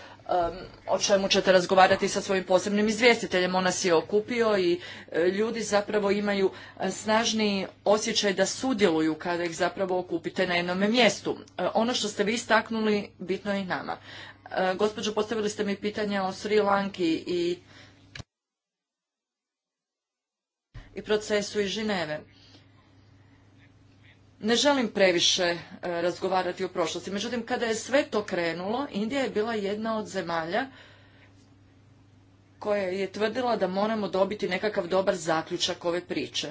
o čemu ćete razgovarati sa svojim posebnim izvjestiteljem. ona nas je okupio i e, ljudi zapravo imaju snažni osjećaj da sudjeluju kada ih zapravo okupite na jednom mjestu. E, ono što ste vi istaknuli bitno je i nama. Gospođo, postavili ste mi pitanja o Sri Lanki i i procesu iz Žineve. Ne želim previše e, razgovarati o prošlosti, međutim kada je sve to krenulo, Indija je bila jedna od zemalja koja je tvrdila da moramo dobiti nekakav dobar zaključak ove priče.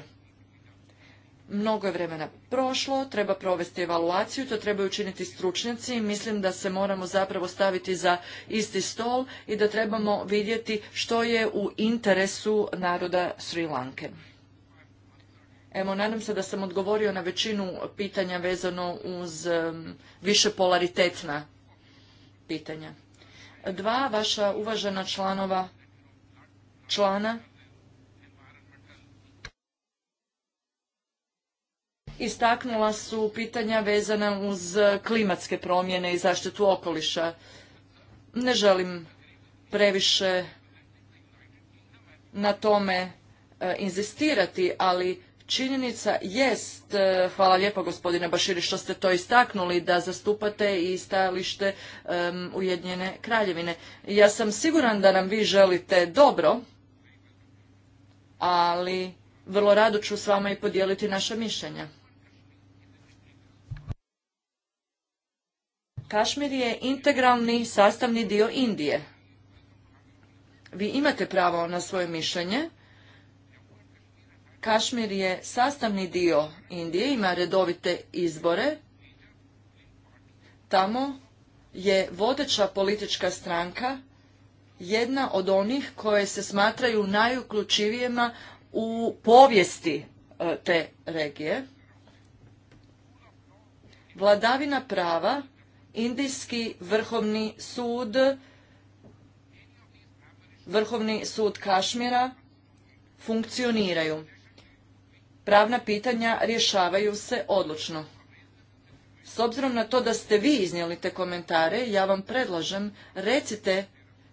Mnogo je vremena prošlo, treba provesti evaluaciju, to trebaju učiniti stručnjaci i mislim da se moramo zapravo staviti za isti stol i da trebamo vidjeti što je u interesu naroda Sri Lanke. Evo, nadam se da sam odgovorio na većinu pitanja vezano uz više polaritetna pitanja. Dva vaša uvažena članova člana istaknula su pitanja vezana uz klimatske promjene i zaštitu okoliša. Ne želim previše na tome eh, inzistirati, ali Činjenica jest, e, hvala lijepo gospodine Baširi što ste to istaknuli, da zastupate i stajalište um, Ujedinjene kraljevine. Ja sam siguran da nam vi želite dobro, ali vrlo rado ću s vama i podijeliti naša mišljenja. Kašmir je integralni sastavni dio Indije. Vi imate pravo na svoje mišljenje, Kašmir je sastavni dio Indije, ima redovite izbore. Tamo je vodeća politička stranka jedna od onih koje se smatraju najuključivijima u povijesti e, te regije. Vladavina prava, Indijski vrhovni sud, Vrhovni sud Kašmira funkcioniraju pravna pitanja rješavaju se odlučno. S obzirom na to da ste vi iznijeli te komentare, ja vam predlažem, recite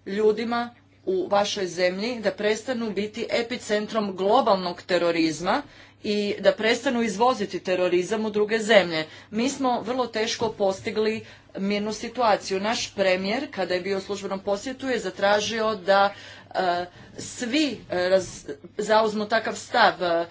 ljudima u vašoj zemlji da prestanu biti epicentrom globalnog terorizma i da prestanu izvoziti terorizam u druge zemlje. Mi smo vrlo teško postigli mirnu situaciju. Naš premijer, kada je bio u službenom posjetu, je zatražio da E, svi e, zauzmu takav stav. E,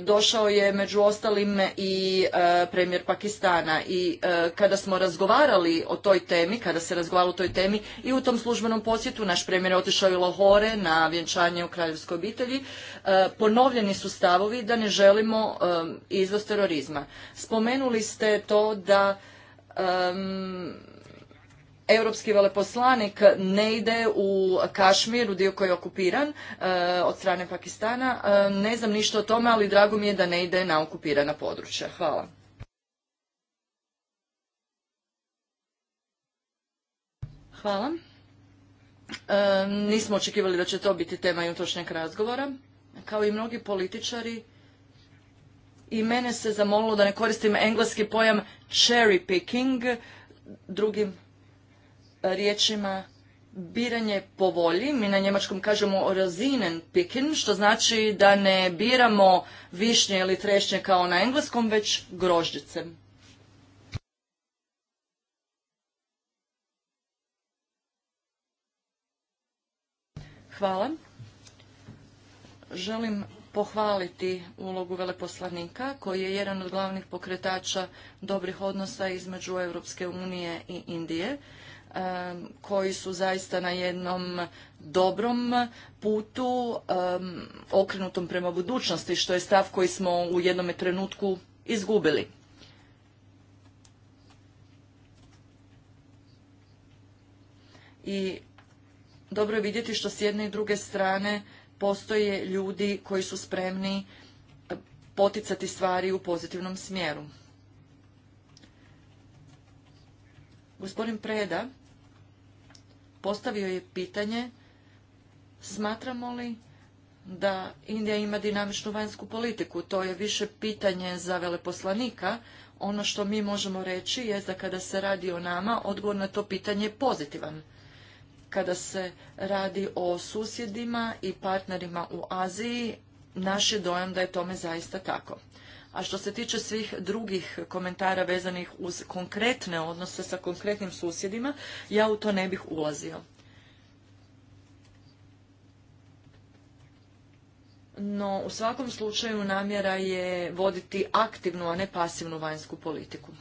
došao je među ostalim i premijer Pakistana i kada smo razgovarali o toj temi, kada se razgovaralo o toj temi i u tom službenom posjetu naš premijer je otišao i Lahore na vjenčanje u kraljevskoj obitelji, ponovljeni su stavovi da ne želimo izvoz terorizma. Spomenuli ste to da europski veleposlanik ne ide u Kašmir, u dio koji je okupiran e, od strane Pakistana. E, ne znam ništa o tome, ali drago mi je da ne ide na okupirana područja. Hvala. Hvala. E, nismo očekivali da će to biti tema jutrošnjeg razgovora. Kao i mnogi političari, i mene se zamolilo da ne koristim engleski pojam cherry picking, drugim riječima biranje po volji. Mi na njemačkom kažemo razinen pikin, što znači da ne biramo višnje ili trešnje kao na engleskom, već grožđice. Hvala. Želim pohvaliti ulogu veleposlanika koji je jedan od glavnih pokretača dobrih odnosa između Europske unije i Indije koji su zaista na jednom dobrom putu okrenutom prema budućnosti, što je stav koji smo u jednom trenutku izgubili. I dobro je vidjeti što s jedne i druge strane postoje ljudi koji su spremni poticati stvari u pozitivnom smjeru. Gospodin Preda postavio je pitanje smatramo li da Indija ima dinamičnu vanjsku politiku. To je više pitanje za veleposlanika. Ono što mi možemo reći je da kada se radi o nama, odgovor na to pitanje je pozitivan. Kada se radi o susjedima i partnerima u Aziji, naš je dojam da je tome zaista tako. A što se tiče svih drugih komentara vezanih uz konkretne odnose sa konkretnim susjedima, ja u to ne bih ulazio. No, u svakom slučaju namjera je voditi aktivnu, a ne pasivnu vanjsku politiku.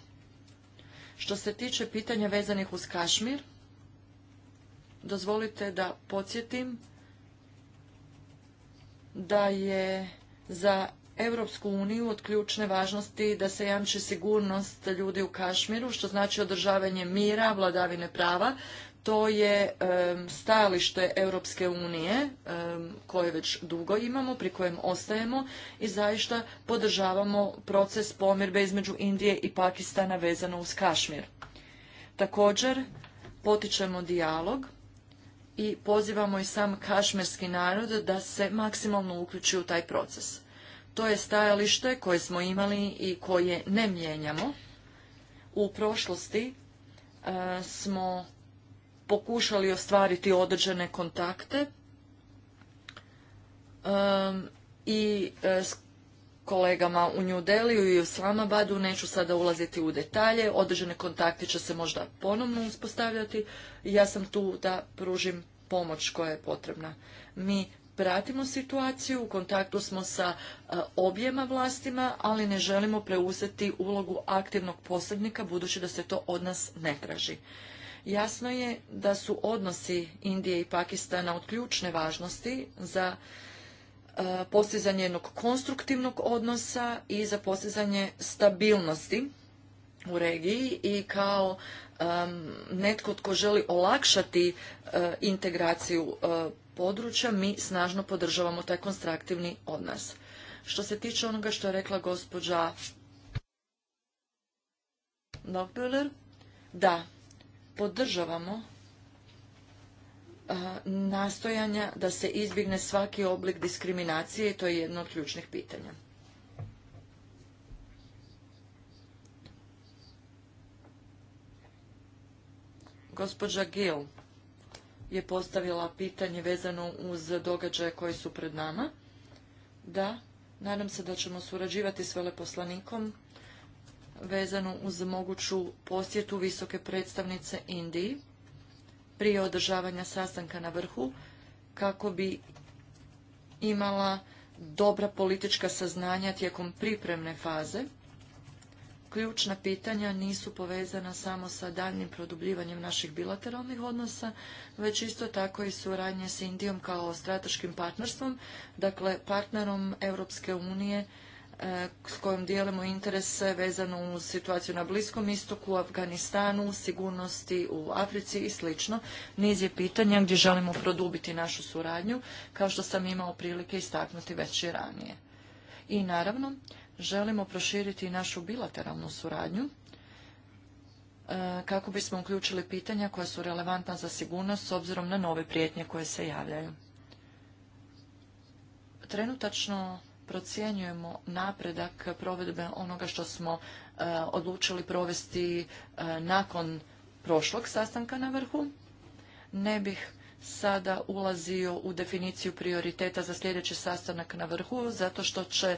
Što se tiče pitanja vezanih uz Kašmir, dozvolite da podsjetim da je za Europsku uniju od ključne važnosti da se jamči sigurnost ljudi u Kašmiru, što znači održavanje mira, vladavine prava. To je stajalište Europske unije koje već dugo imamo, pri kojem ostajemo i zaista podržavamo proces pomirbe između Indije i Pakistana vezano uz Kašmir. Također potičemo dijalog i pozivamo i sam kašmirski narod da se maksimalno uključi u taj proces. To je stajalište koje smo imali i koje ne mijenjamo. U prošlosti e, smo pokušali ostvariti određene kontakte i e, s kolegama u New Deliju i u Slamabadu, neću sada ulaziti u detalje, određene kontakte će se možda ponovno uspostavljati ja sam tu da pružim pomoć koja je potrebna. Mi pratimo situaciju, u kontaktu smo sa e, objema vlastima, ali ne želimo preuzeti ulogu aktivnog posrednika budući da se to od nas ne traži. Jasno je da su odnosi Indije i Pakistana od ključne važnosti za e, postizanje jednog konstruktivnog odnosa i za postizanje stabilnosti u regiji i kao netko tko želi olakšati e, integraciju područja, mi snažno podržavamo taj konstruktivni odnos. Što se tiče onoga što je rekla gospođa Nogbüller, da, podržavamo eh, nastojanja da se izbjegne svaki oblik diskriminacije i to je jedno od ključnih pitanja. Gospođa Gill je postavila pitanje vezano uz događaje koji su pred nama. Da, nadam se da ćemo surađivati s veleposlanikom vezano uz moguću posjetu visoke predstavnice Indiji prije održavanja sastanka na vrhu kako bi imala dobra politička saznanja tijekom pripremne faze ključna pitanja nisu povezana samo sa daljnim produbljivanjem naših bilateralnih odnosa, već isto tako i suradnje s Indijom kao strateškim partnerstvom, dakle partnerom Europske unije e, s kojom dijelimo interese vezano uz situaciju na Bliskom istoku, Afganistanu, sigurnosti u Africi i slično. Niz je pitanja gdje želimo produbiti našu suradnju, kao što sam imao prilike istaknuti već i ranije. I naravno, želimo proširiti našu bilateralnu suradnju e, kako bismo uključili pitanja koja su relevantna za sigurnost s obzirom na nove prijetnje koje se javljaju. Trenutačno procjenjujemo napredak provedbe onoga što smo e, odlučili provesti e, nakon prošlog sastanka na vrhu. Ne bih sada ulazio u definiciju prioriteta za sljedeći sastanak na vrhu, zato što će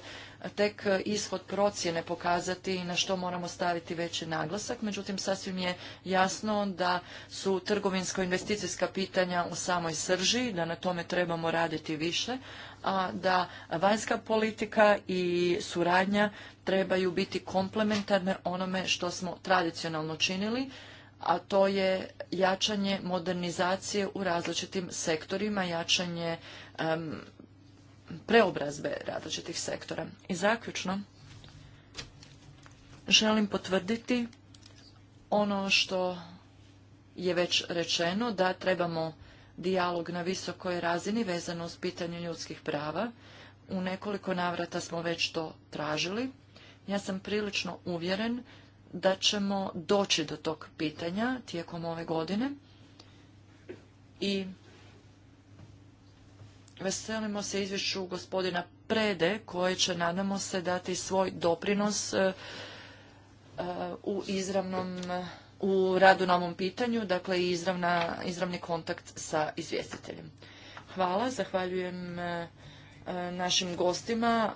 tek ishod procjene pokazati na što moramo staviti veći naglasak. Međutim, sasvim je jasno da su trgovinsko-investicijska pitanja u samoj srži, da na tome trebamo raditi više, a da vanjska politika i suradnja trebaju biti komplementarne onome što smo tradicionalno činili, a to je jačanje modernizacije u različitim sektorima, jačanje preobrazbe različitih sektora. I zaključno, želim potvrditi ono što je već rečeno, da trebamo dijalog na visokoj razini vezano uz pitanje ljudskih prava. U nekoliko navrata smo već to tražili. Ja sam prilično uvjeren da ćemo doći do tog pitanja tijekom ove godine i veselimo se izvješću gospodina Prede koje će, nadamo se, dati svoj doprinos e, e, u izravnom u radu na ovom pitanju, dakle i izravni kontakt sa izvjestiteljem. Hvala, zahvaljujem e, našim gostima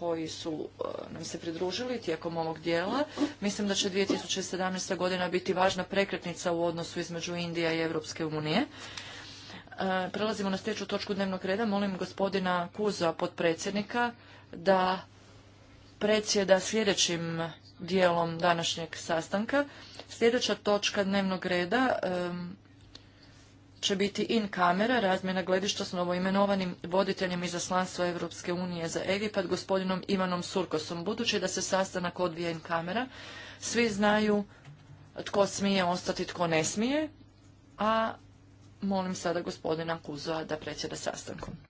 koji su e, nam se pridružili tijekom ovog dijela. Mislim da će 2017. godina biti važna prekretnica u odnosu između Indije i Europske unije. E, prelazimo na sljedeću točku dnevnog reda. Molim gospodina Kuza, potpredsjednika, da predsjeda sljedećim dijelom današnjeg sastanka. Sljedeća točka dnevnog reda e, će biti in kamera razmjena gledišta s novoimenovanim voditeljem izaslanstva Europske unije za Egipat, gospodinom Ivanom Surkosom. Budući da se sastanak odvija in kamera, svi znaju tko smije ostati, tko ne smije, a molim sada gospodina Kuzoa da da sastankom.